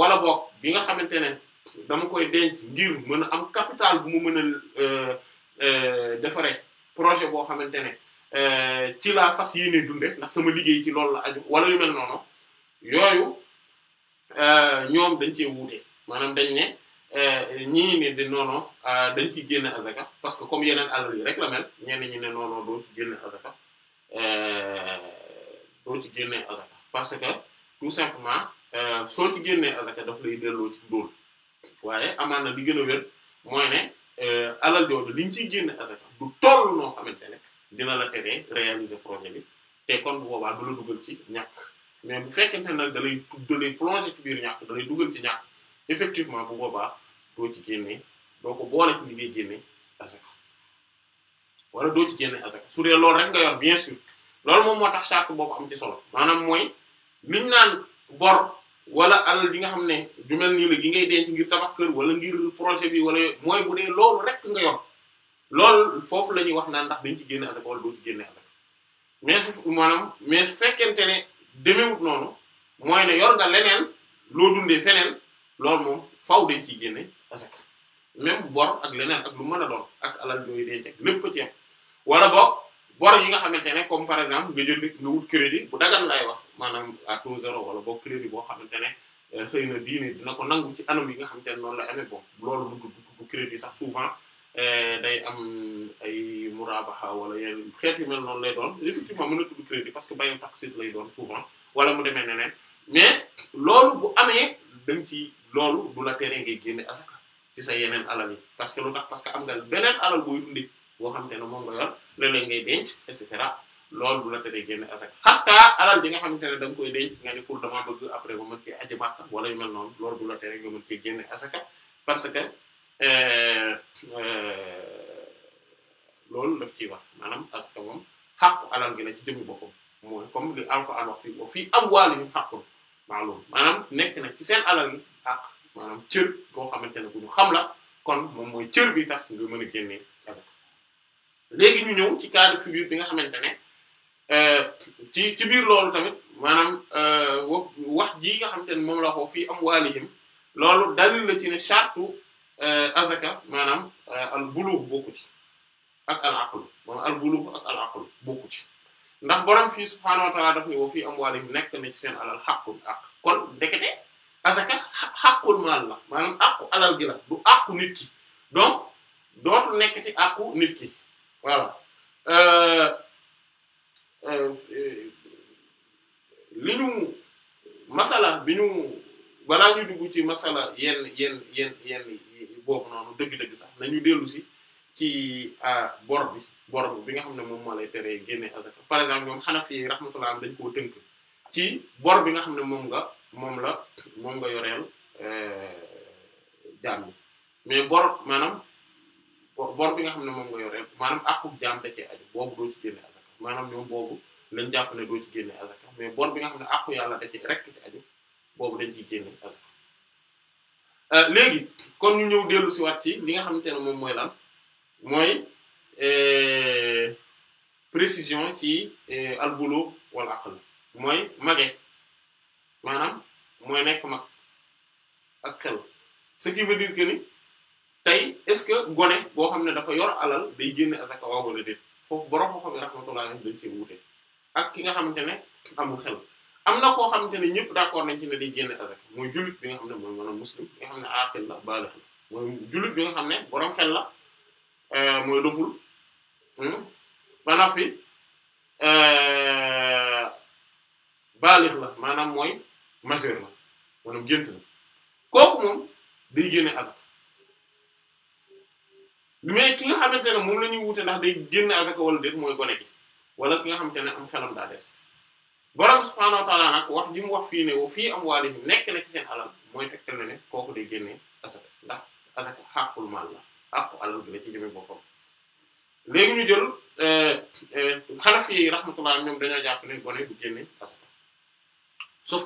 wala book bi nga xamante ne dama koy denc ngir mën a am capital bu mu mën a euh, euh, defaree projet boo xamante ne euh, ci laa fas yéene dunde ndax sama liggéey ci loolu la aju wala yu mel noonu yooyu ñoom dañ cee wuute maanaam dañ ne ñii ne de non dañ ciy génne azaka parce que comme yeneen alal yi rek la mel ñenn ne non non doo ci génne azaka eh, ci génne azaka parce que tout simplement eh, soo ci génnee azaka daf lay delloo ci ndóol waaye amaan na li gën a wér mooy ne eh, alal jooju liñ ciy génne azaka du toll noo xamante ne dina la teree réaliser projet bi te kon bu boobaa du la dugal ci ñàkk mais bu fekkente nag da lay da ci biir ñàkk da duggal ci ñàkk. effectivement bu boobaa doo ci génnee doo ko boole ci li ngay génnee asaka wala doo ci génnee asaka su dee loolu rek nga yor bien sûr loolu moom moo tax charte boobu am ci solo maanaam mooy liñ naan bor wala alal ji nga xam ne ju mel nii gi ngay denc ngir tabax wala ngir projet bi wala mooy bu loolu rek nga yor loolu foofu la ñuy wax naan ndax dañ ci génne asaka génne mais su mais su fekkente ne demewut noonu mooy ne yor nga leneen loo dundee feneen lool moom faaw dañ ciy génne asaka même bor ak leneen ak lu mën a doon ak alal yooyu dañ teg lépp ko ci yem wala boog bor yi nga xamante ne comme par exemple nga jël nga wut crédit bu dagan lay wax maanaam à taux zéro wala boog crédit boo xamante ne euh, xëy na diine dina nangu ci anam yi nga xamante ne noonu la amee bon loolu dugg bu crédit sax souvent euh, day am ay murabaha wala yenn xeet yu mel noonu lay doon effectivement mën na crédit parce que bayu taxit lay doon souvent wala mu demee neneen mais loolu bu amee da ci loolu du la tere ngay génne asaka ci sa yeneen alal yi parce que lu tax parce que am nga beneen alal booy undi boo xam te ne moom nga yor léeg-léeg ngay denc et cetera lool du la tere génne asaka hatta alal nga xamante ne da koy denc pour dama bëgg après ba mën cee aji Makka wala yu mel noonu loolu du la tere nga mën cee génne asaka parce que euh, euh, loolu daf ciy wax maanaam asaka moom xàqu alal gi la ci jëmu boppam mooy comme li Alxuraan wax fii boo fii amwaalihim haqqun maalum maanaam nekk na ci seen alal yi ak maanaam cër boo xamante ne bu xam la kon moom mooy cër bi tax nga mën a génnee asaka léegi ñu ñëw ci cas de biir bi nga xamante ne euh, ci ci biir loolu tamit maanaam euh, wax ji nga xamante ne moom la ko fii am loolu dalil la ci ne chartu euh, azaka maanaam al bulugh bokku ci ak al aql maanaam al bulugh ak al aql bokku ci ndax borom fii subhaanahu wa ta'aala daf ni wa fii amwaalihim nekk na ci seen alal xàqul àq kon ndekete que xàqul maal la maanaam àqu alal gi la du àqu nit ki donc dootu nekkati àqu nit ki voilà euh, euh, li ñu masala bi ñu balaa ñu dugg ci masala yenn yenn yenn yenn boobu noonu dëgg-dëgg sax nañu dellu si ci bor bor bi nga xam ne moom moo lay teree génne azaka par exemple ñoom Hanafi yi rahmatullah dañ koo tënk ci bor bi nga xam ne moom nga moom la moom nga yoreel eh, jaam bi mais bor maanaam bor bi nga xam ne moom nga yoreel maanaam akku jaam da cee aju boobu doo ci génne maanaam ñoom boobu lañ jàpp ne doo ci génne azaka mais bor bi nga xam ne àqu yàlla da cee rek ci aju boobu dañ ciy génne azaka eh, léegi kon ñu ñëw dellu si waat ci li nga xamante ne moom mooy lan mooy E, précision ci e, al wala wal mooy mage maanaam mooy nekk mag ak xel ce qui veut dire que ni tey est-ce que gone boo xam ne dafa yor alal day génne asaka waaw wala déet foofu borom moo xam ne rahmatullahi dañ cee wuute ak ki nga xamante ne amul xel am na koo xamante ne ñëpp d'accord nañ ci ne day génne asaka mooy jullit bi nga xam ne mooy maanaam muslim bi nga xam ne aqil la baligh la mooy jullit bi nga xam ne borom xel la e, mooy doful Hmm? ba noppi euh, la maanaam mooy majeur la maanaam gént la kooku moom day génne azak mais ki nga xamante ne moom la ñuy wute ndax day génne azak wala déet mooy gone gi wala ki nga xam xamante ne am xelam daa des borom subhaanahu wa ta'aala nag wax ji wax fii ne wa fii amwaalihim nekk na seen alal mooy tegtal na ne kooku day génne azak ndax azak xàqul maal la xàqu alal bi la ci jëme boppam léegi ñu jël euh, euh, xanaf yi rahmatullah ñoom dañoo jàpp ne gone du génne asaka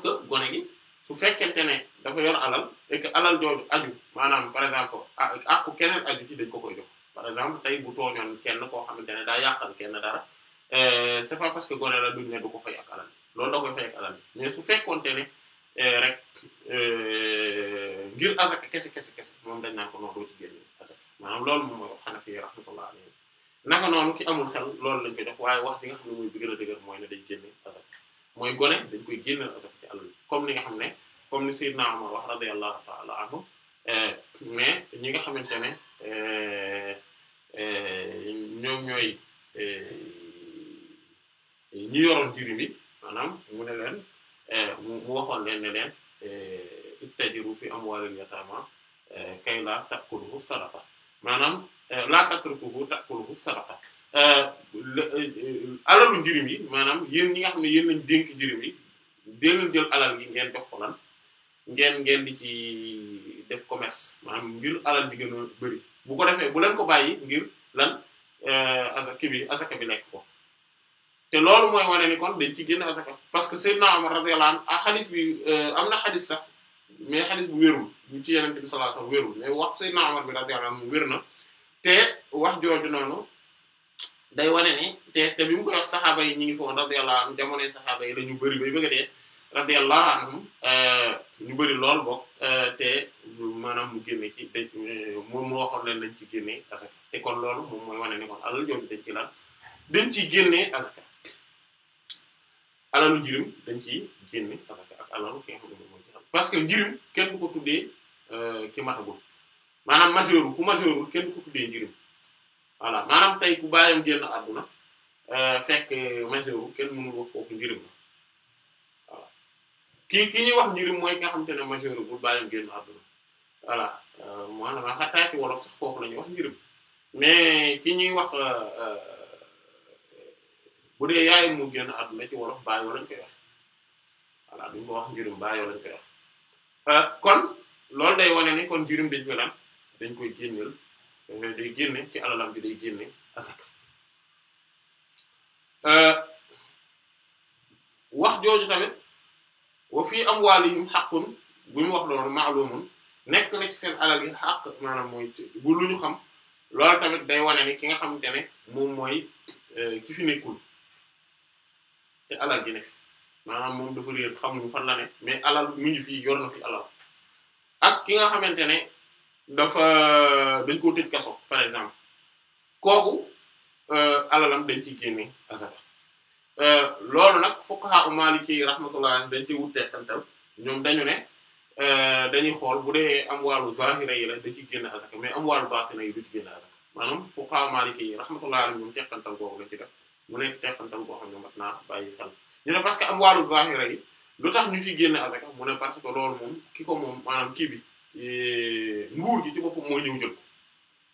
que gone gi su fekkente ne dafa yor alal et que alal jooju aju maanaam par exemple ah, àqu keneen aju ci dañ ko koy jox par exemple tey bu tooñoon kenn koo xamante ne daa yàqal kenn dara euh, c'est pas parce que gone la duñ ne du ko fay ak alal loolu da koy fay ak alal mais su fekkonte ne rek ngir asaka kese kese kese moom dañ naan ko noonu doo ci génne asaka maanaam loolu moom mooy xanafi rahmatullah alayhi naka noonu ki amul xel loolu lañ koy def waaye wax bi nga xam a dëgër mooy ne dañ gone dañ koy génneel azak comme ni nga xam ne comme ni Seydina Umar wax radiyallahu ta'ala anhu eh, mais ñi nga xamante ne eh, eh, ñoom ñooy ñi yoroon jirim yi maanaam mu ne leen mu waxoon leen ne leen ittajiru fi amwalil yatama kay la takkudu sadaqa maanaam euh, laa takuluhu ta'kuluhu sabaqa euh, euh, alalu njëriñ yi maanaam yéen ñi nga xam ne yéen lañ dénk njëriñ yi dee leen jël alal yi ngeen jox ko lan ngeen ngeen di ci def commerce maanaam ngir alal bi gën a bëri bu ko defee bu leen ko bàyyi ngir lan asaka bi asaka bi lekk ko te loolu mooy wane ni kon dañ ci génn asaka parce que Seydina Umar radiyallahu anhu xadis ah, bi am na xadis sax. mais xadis bu wérul ñu ci mais wax Seydina Umar bi radiyallahu anhu wér na te wax jooju noonu day wane ne te bi mu koy wax saxaaba yi ñu ngi foon radiyallahu anhum jamonoy saxaaba yi la ñu bëri bay bëgg a dee radiyallahu euh, ñu bëri lool bokk euh, te maanaam mu génne ci dañ euh, moom mu waxoon leen dañ ci génne asaka te kon loolu moom mooy wane ne kon alal jooju dañ ci lan dañ ciy génne asaka alalu jirim dañ ci génne asaka ak alalu ki nga xam ne parce que njirim kenn du ko tuddee euh, ki matagul maanaam majeurul ku majeurul kenn du ko njirim voilà maanaam tey ku bàyyam génn àdduna euh, fekk majeurul kenn mënul wax kooku njirim ki ki ñuy wax njirim mooy nga xam te ne majeurul bu bàyyam génn àdduna voilà euh, maanaam xataa ci wolof kooku la wax njirim mais ki ñuy wax bu dee yaayam mu génn àdduna ci wolof bàyyoo lañ koy wax voilà duñ ko wax njirim bàyyoo lañ koy wax Euh, kon loolu day wane ni kon jirim dañ koy dañ koy génneel day génne ci alalam bi day génne asaka euh, wax jooju tamit am fii amwaalihim haqqun bu ñu wax loolu ma'lumun nekk na ci seen alal yi xàq maanaam mooy bu lu ñu xam loolu tamit day wane ni ki nga xam ne moom mooy euh, ki fi nekkul te alal gi nekk maanaam moom dafa réer xamuñu fan la ne mais alal mi ngi fii yor na fi alal ak ki nga xamante ne dafa dañ koo tëj kaso par exemple kooku euh, alalam dañ ciy génne asaka euh, loolu nag fuqaha maliki rahmatullah dañ ciy wutee tantal ñoom dañu ne euh, dañuy xool bu dee am wàllu zahira yi la dañ ci génne asaka mais am wàllu baatina u du maanaam fuqaha maliki yi rahmatullah ñoom teqantal boobu la ci def mu nekk teqantal boo xam ne naa bàyyi xel ñu ne parce que am wàllu zahira yi lu tax ñu ci génne azaka bu ne parce que loolu moom ki ko moom maanaam kii bi eh, nguur gi ci boppam mooy ñëw jël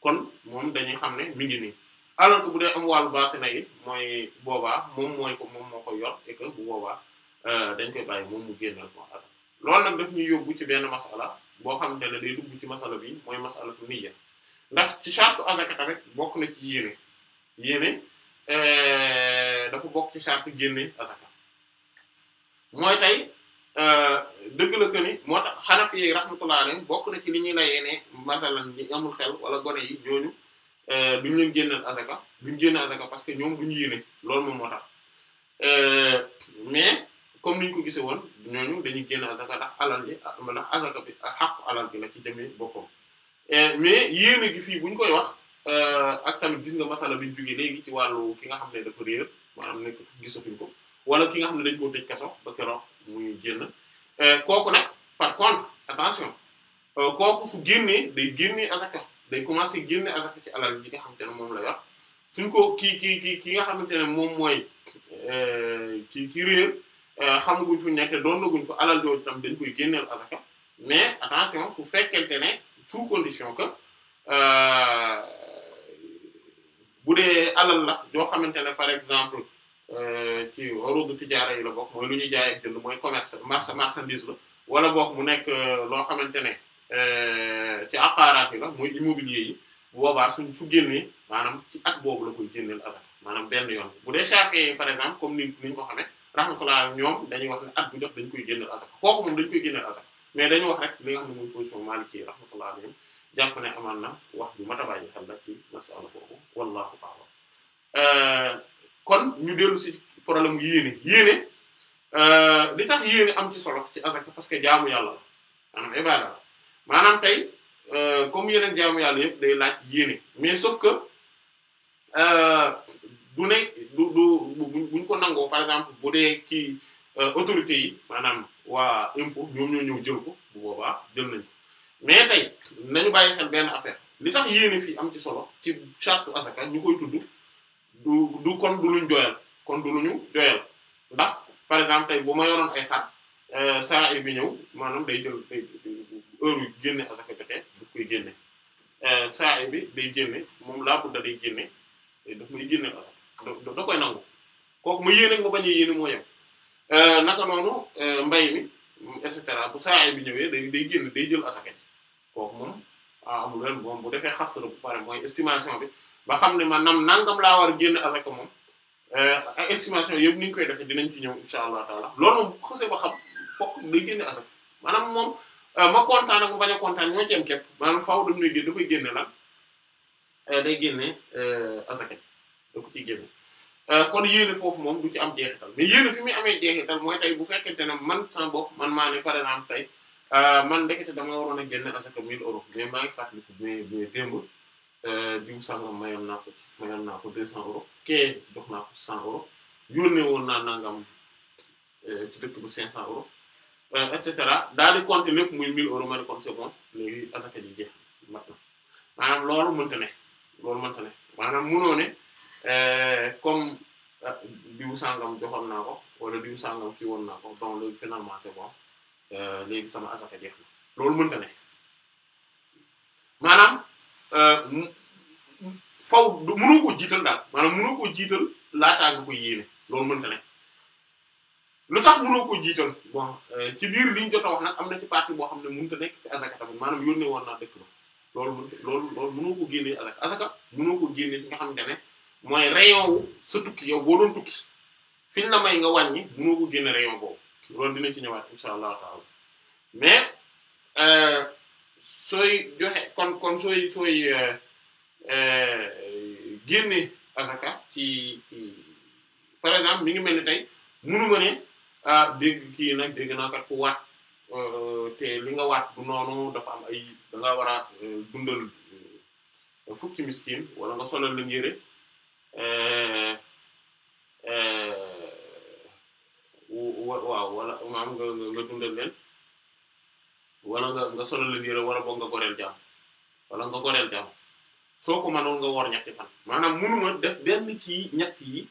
kon moom dañuy xam ne mi ngi nii alors que bu dee am wàllu baatina yi mooy boobaa moom mooy ko moom moo ko yor et bu boobaa euh, dañ koy bàyyi moom mu génneel ko azaka lool nag daf ñuy yóbbu ci benn masala boo xamante ne day dugg ci masala bi mooy masalatu niyya ndax ci charte azaka tamit bokk na ci yéene yé euh, dafa bokk ci charte génne azaka mooy tey euh, dëgg la que ni moo tax xanafi yi rahmatullah bokk na ci li ñuy layee ne masalan ñi amul xel wala gone yi ñooñu euh, duñ leen génneel azaka duñ génne azaka parce que ñoom duñu yéene loolu moom moo tax euh, mais comme niñ ko gisee woon ñooñu dañuy génne azaka ndax alal li ndax azaka bi ak xàqu alal bi la ci demee boppam mais yéene gi fii buñ koy wax ak tamit gis nga masala biñ jógee léegi ci wàllu ki nga xam ne dafa réer maanaam nekk gisatuñ ko wala ki nga xam ne dañ koo tëj kaso ba keroog muy génn euh, kooku nag par contre attention euh, kooku su génnee day génnee asaka day commencé génne asaka ci alal ji nga xamante ne moom la yor suñ ko kii ki ki ki nga xamante ne moom mooy euh, ki ki réer xamaguñ fu nekk doon naguñ ko alal jooju tam dañ koy génneel asaka mais attention su fekkente ne sous condition que bu dee alal la joo xamante ne par exemple Euh, ci warudu tijaara yi la bokk mooy lu ñuy jaay ak jënd mooy commerce marché marchandise la wala bokk mu nekk euh, loo xamante ne euh, ci aqaaraat yi la mooy immobilier yi bu boobaa suñ su génnee maanaam ci at boobu la koy génneel azak maanaam benn yoon bu dee Shafi'i par exemple comme ni ni ko xamee rahmatullah ñoom dañuy wax ne at bu jox dañ koy génneel azak kooku moom dañ koy génneel azak mais dañu wax rek li nga xam ne mooy position Maliki rahmatullah alayhim amaan na wax bu matabaay yi xel la ci kon ñu dellu si problème mu yéene yéene euh, li tax yéene am ci solo ci azaka parce que jaamu yàlla la maanaam ibaada la maanaam euh, comme yeneen jaamu yàlla yëpp day laaj yéene mais sauf que euh, du ne du du buñ ko nangoo par exemple bu dee ci autorité yi maanaam waa impôt ñoom ñoo jël ko bu boobaa jël nañ mais tey nañu bàyyi xel benn affaire li tax yéene fii am ci solo ci charte azaka ñu koy tudd du du kon du kon du luñu doyal ndax par exemple tey bu ma yoroon ay xar euh, saa yi bi ñëw maanaam day jël day heure yu génne asaka jotee daf koy génne euh, saa yi bi day génne moom laa da day génne daf may génne asaka da koy nangu kooku ma yéene nga bañ a yéene moo euh, noonu mbay mi et cetera bu saa yi bi ñëwee day day génne day jël asaka ji kooku moom ah amul ren moom bu defee xas la mooy estimation bi. ba xam ne maanaam nangam laa war a génne asaka moom euh, ak estimation yëpp ni ñu koy defee dinañ ci ñëw incha allah taala loolu moom xasee ba xam fokk day génne asaka maanaam moom euh, ma kontaan ak ma bañ a kontaan ñoo ci am képp maanaam faaw dam génn dafay génne lan euh, day génne asaka da ko kon yéene foofu moom du ci am jeexital mais muy amee jeexital mooy tey bu fekkente ne man sama bopp man maa ne par exemple tey man ndekete dama waroon a génne asaka 1000 euros mais maa ngi fàttaliku mais démb Euh, diw sangam mayoon naa ko deux cent euros kee jox naa ko cent euros yónnee woon naa nangam euh, ci dëkk bi cinq cent euros euh, et cetera daal di compter lépp muy mille euros ma ne kon c'est léegi asaka jeex mat maanaam loolu mënta loolu mënta maanaam mënoo comme diw sangam joxoon naa ko wala diw sangam kii woon naa ko donc léegi finalement léegi sama asaka loolu mënta maanaam. Euh, faw du mënoo ko jiital daal maanaam mënoo ko jiital laataa nga ko yéene loolu mënta ne lu tax mënoo ko jiital euh, ci biir liñ jot a wax nag am na ci partie boo xam ne mënta nekk ci asaka tamit maanaam yónnee woon naa dëkk ba loolu mën loolu loolu mënoo ko génnee asaka asaka ko génnee fi nga xamante ne mooy rayon wu sa tukki yow boo doon tukki fiñ la may nga wàññi mënoo ko génne rayon boobu loolu dinañ ci ñëwaat incha allah taala mais. Euh, sooy joxe kon kon sooy sooy euh, euh, génne azaka ci par exemple mi ngi mel ni tey munu ma ne ah dégg kii nag dégg kat ku waat euh, te li nga waat bu noonu dafa am ay da nga war a dundal fukki miskin wala nga solal leen yére wala maam nga nga dundal leen. wala nga nga solal leen yére wala boog nga goreel jaam wala nga goreel jaam soo ko mënoon nga woor ñetti fan maanaam mënuma def benn ci ñett yi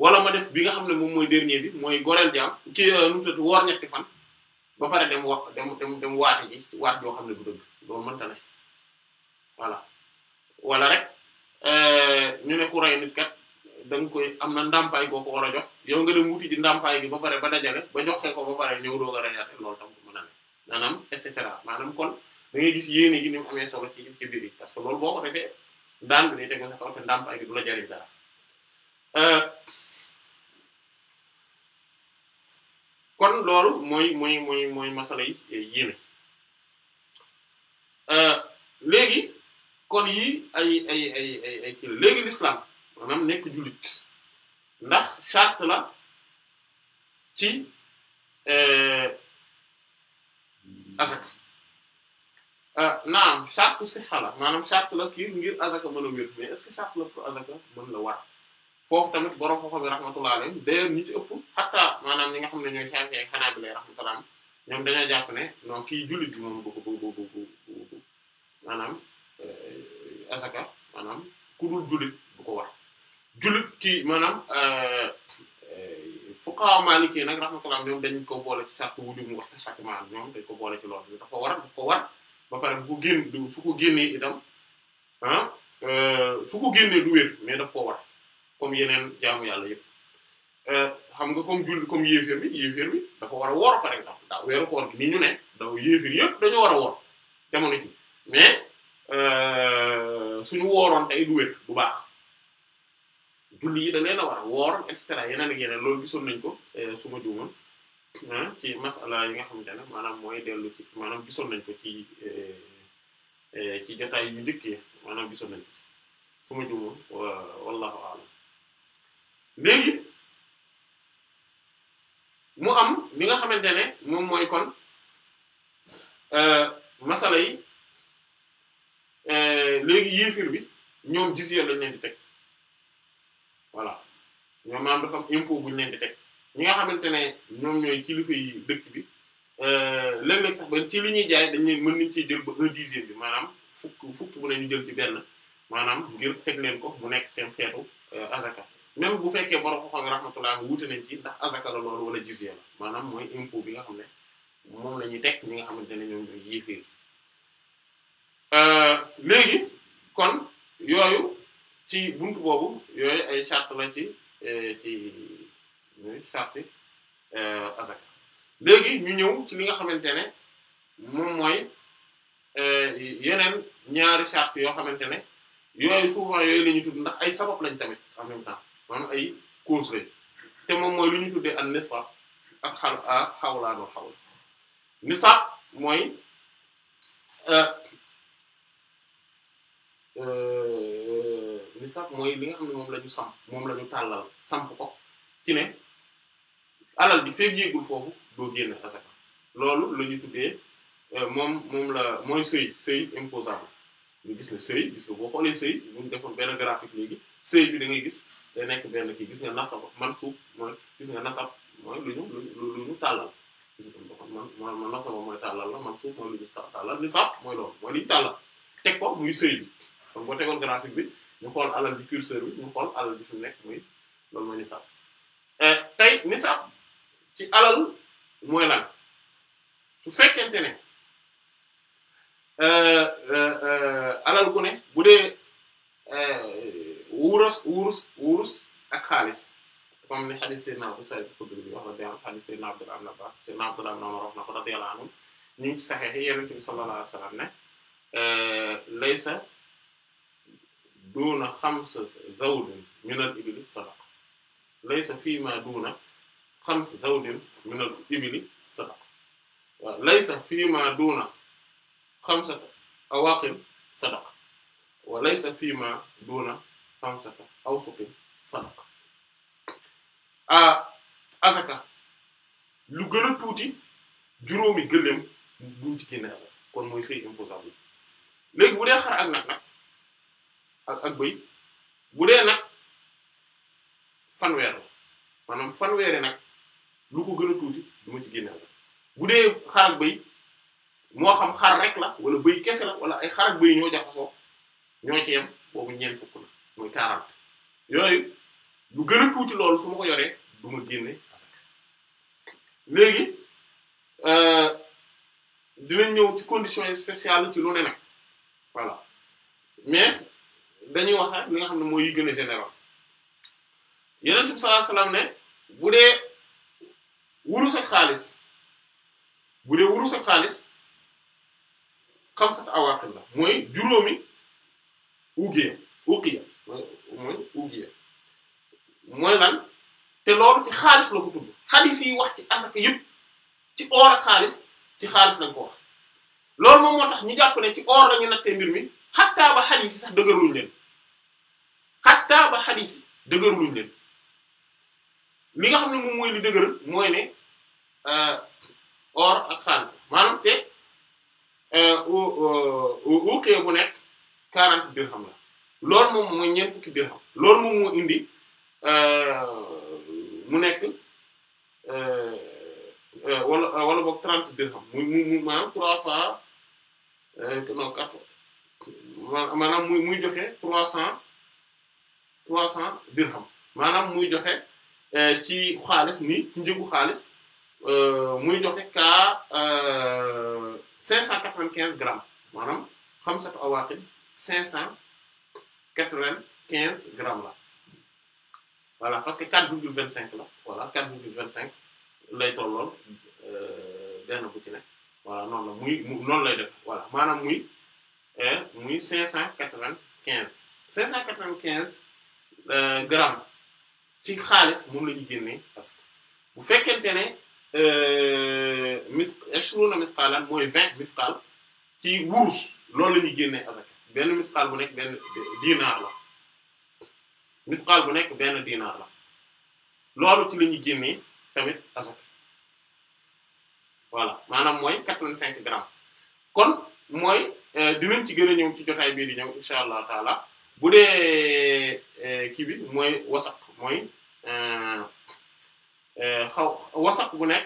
wala ma def bi nga xam ne moom mooy dernier bi mooy goreel jaam ci euh, nu mu tudd woor ñetti fan ba pare dem wax dem dem dem waate ji waat joo xam ne bu dëgg loolu mënta ne voilà wala rek euh, ñu ne ku rey nit kat da koy am na ndàmpaay boo ko war a jox yow nga dem wuti ji ndàmpaay gi ba pare ba dajale ba joxe ko ba pare ñëw doog a reyaate maanaam et cetera maanaam kon da gis yéene yi ni mu amee solo ci ci biir yi parce que loolu boo ko defee daan bi day te ndàmpaay gi euh, kon loolu mooy mooy mooy eh, yéene euh, léegi kon yii ay ay ay ay léegi l'islam maanaam nekk jullit ndax charte la ci. Euh, azaka euh, naam shartu sihha la maanaam shartu la kii ngir azaka mën a wér mais est-ce que shartu la ko azaka mën la war foofu tamit borom xam-xam yi rahmatullah alayhim d'ailleurs ëpp hatta maanaam ñi nga xam ne ñooy Shafi'i ak Hanabila rahmatullah ñoom dañoo jàpp ne non kii jullit bi moom bu bu bu bu bu maanaam euh, azaka ku dul jullit du ko war jullit kii maanaam euh, fuqaha maliki nag rahmatullah ñoom dañ ko boole ci sartu wujub mu wax sihhatu maanaam ñoom dañ ko boole ci loolu dafa war dafa ko war ba pare bu ko génn fu ko génnee itam ah euh, fu ko génnee du wér mais daf ko war comme yeneen jaamu yàlla yëpp euh, xam nga comme julli comme yéeféer bi yéeféer bi dafa war a woor par exemple daa weeru koor gi nii ñu ne daw yéeféer yëpp dañoo war a woor jamono ci mais euh, suñu wooroon tey du wér du baax julli yi da leen a war a woor et cetera yeneen loolu gisoon nañ ko eh, suma ma juumoon ah, ci masala yi nga xamante ne maanaam mooy dellu ci maanaam gisoon nañ ko ci eh, eh, ci jotaay yu njëkk yi maanaam gisoon nañ ko ci su ma juumoon wallahu a'lam léegi mu am li nga xamante ne moom mooy kon masala yi léegi yéefir bi ñoom jizya lañ leen di teg voilà ñoom maanaam dafa am bu ñu teg ñi nga xamante ne ñoom ñooy kilifa yi dëkk bi euh, léeg-léeg sax ba ci li ñuy jaay dañ leen mën nañ cee jël ba un dixième bi maanaam fukk fukk bu ne ñu jël ci benn maanaam ngir teg leen ko mu nekk seen xeetu euh, azaka même bu fekkee borom xam rahmatullah wuute nañ ci ndax azaka loolu wala jizya la maanaam mooy impôt bi nga xam ne moom la ñuy teg ñi nga xamante ne ñoom ñooy yéeféer euh, léegi kon yooyu. ci bunt boobu yooyu ay charte la ci eh, ci charte eh, azaka léegi ñu ñëw ci li nga xamante ne moom mooy eh, yeneen ñaari charte yoo xamante ne yooyu souvent yooyu la ñu ndax ay sabab lañ tamit en même temps ay cause lañ mooy lu ñu tuddee an nisab ak xaw ak xawlaanul xawl mooy. misaak mooy li nga xam ne moom la ñu samp moom la ñu tàllal samp ko ci ne alal di feeg yéegul foofu doo génne asaka loolu lu ñu tuddee euh, moom moom la mooy sëy sëy imposable ñu gis ne sëy gis nga boo xoolee sëy bu ñu defoon benn graphique léegi sëy bi da ngay gis day nekk benn ki gis nga nasab man suuf mooy gis nga nasab mooy lu ñu lu lu ñu tàllal gis nga kon man man mooy lu ñu tàllal nisab mooy loolu mooy li teg ko muy sëy bi kon boo tegoon graphique bi. ñu xool alal di curseur bi ñu xool alal di fi nekk muy loolu mooy nisab eh, tey nisab ci alal mooy lan su fekkente ne eh, eh, alal gu ne bu dee wurus wurus wurus ak xaalis comme ni xadis Seydina Abu Sa'id Xudri bi wax la na ko radiyallahu anhu ñu ci saxeex yi Yonent bi sallallahu alayhi wa sallam ne laysa duuna xamsa zawdin minal ibili sadaqa laysa fiima duuna xamsa zawdin minal ibili sadaqa waaw laysa fiima duuna xamsata awaaqin sadaqa wa laysa fiima duuna xamsata awsuqin sadaqa a asaka lu gën a tuuti juróomi gëléem buñ kon mooy imposable léegi bu dee xar ak ak bëy bu dee nag fanweer la maanaam fanweeri nag lu ko gën a tuuti du ma ci génne asaka bu dee xar ak bëy moo xam xar rek la wala bëy kese la wala ay xar ak bëy ñoo jaxasoo ñoo ci yem boobu ñeent fukk la mooy 40 yooyu lu gën a tuuti lool su ma ko yoree du ma léegi euh, dinañ ñëw ci conditions spéciales ci lu ne nag mais. dañuy wax rek li nga xam ne mooy yi gën général yonent bi sallallahu ne bu dee wurus ak xaalis bu dee wurus ak xaalis xamsat awaqil la mooy juróomi ugiya ugiya mooy ugiya mooy lan te loolu ci xaalis la ko tudd xaalis yi wax ci asaka yëpp ci or ak xaalis ci xaalis lañ ko wax loolu moom moo tax ñu jàpp ne ci or lañu nattee mbir mi xattaa ba xaalis yi sax dëgëruñ leen hatta ba xadis yi dëgëruluñ leen li nga xam ne moom mooy li dëgëral mooy ne euh, or ak xaalis maanaam te uukee euh, euh, bu nekk quarante dirham la loolu moom mooy ñeent fukki dirham loolu moom moo indi mu nekk wala wala boog trente dirham mu mu mu maanaam trois fois non quatre fois trois cent trois cent dirham maanaam muy joxe eh, ci xaalis ni ci njëgu xaalis eh, muy joxe ka eh, cinq cent quatre-vingt-quinze grammes maanaam xamsatu awaaqin cinq cent quatre-vingt-quinze grammes la voilà parce que quatre virgule vingt-cinq la voilà quatre vingt-cinq lay tollool benn bu ci ne voilà noonu la muy noonu lay def voilà maanaam muy muy cinq cent quatre-vingt-quinze cinq cent quatre-vingt-quinze Euh, gramme ci xaalis moom la ñuy génnee parce que bu fekkente ne euh, mis ashruna misqaalan mooy vingt misqaal ci wurus loolu la ñuy génnee azaka benn misqaal bu nekk benn dinaar la misqaal bu nekk benn dinaar la loolu ci la ñuy génnee tamit azaka voilà maanaam mooy quatre-vingt-cinq grammes kon mooy euh, dinañ ci gën a ñëw ci jotaay bii di ñëw incha allah taala bu dee euh, kii bi mooy wasaq mooy euh, euh, xaw wasaq bu nekk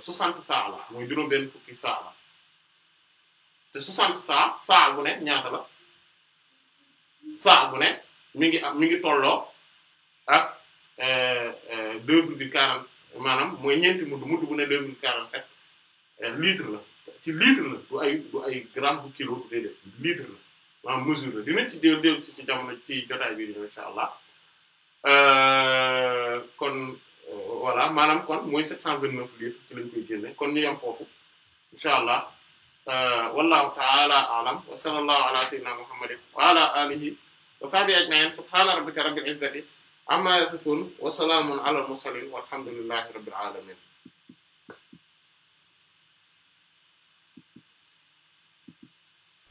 soixante saax la mooy juróom-benn fukki saa la te soixante saa saa bu nekk ñaata la saa bu nekk mi ngi am mi ngi tolloo ak deux virgule quarante maanaam mooy ñeenti mudd mudd bu ne deux virgule quarante sept litre la ci litre la ay du ay gramme bu kilo déedéet litre la maanaam mesure la dinañ ci déew déew ci jamono ci jotaay bi incha allah euh, kon euh, voilà maanaam kon mooy 729 litres ci lañ koy génne kon ñu yam foofu incha allah euh, wallahu ta'ala a'lam wa sallallahu ala sayyidina muhammadin wa ala alihi wa sahbihi ajma'in subhana rabbika rabbil izzati amma yasifun wa salamun ala al mursalin walhamdulillahi rabbil alamin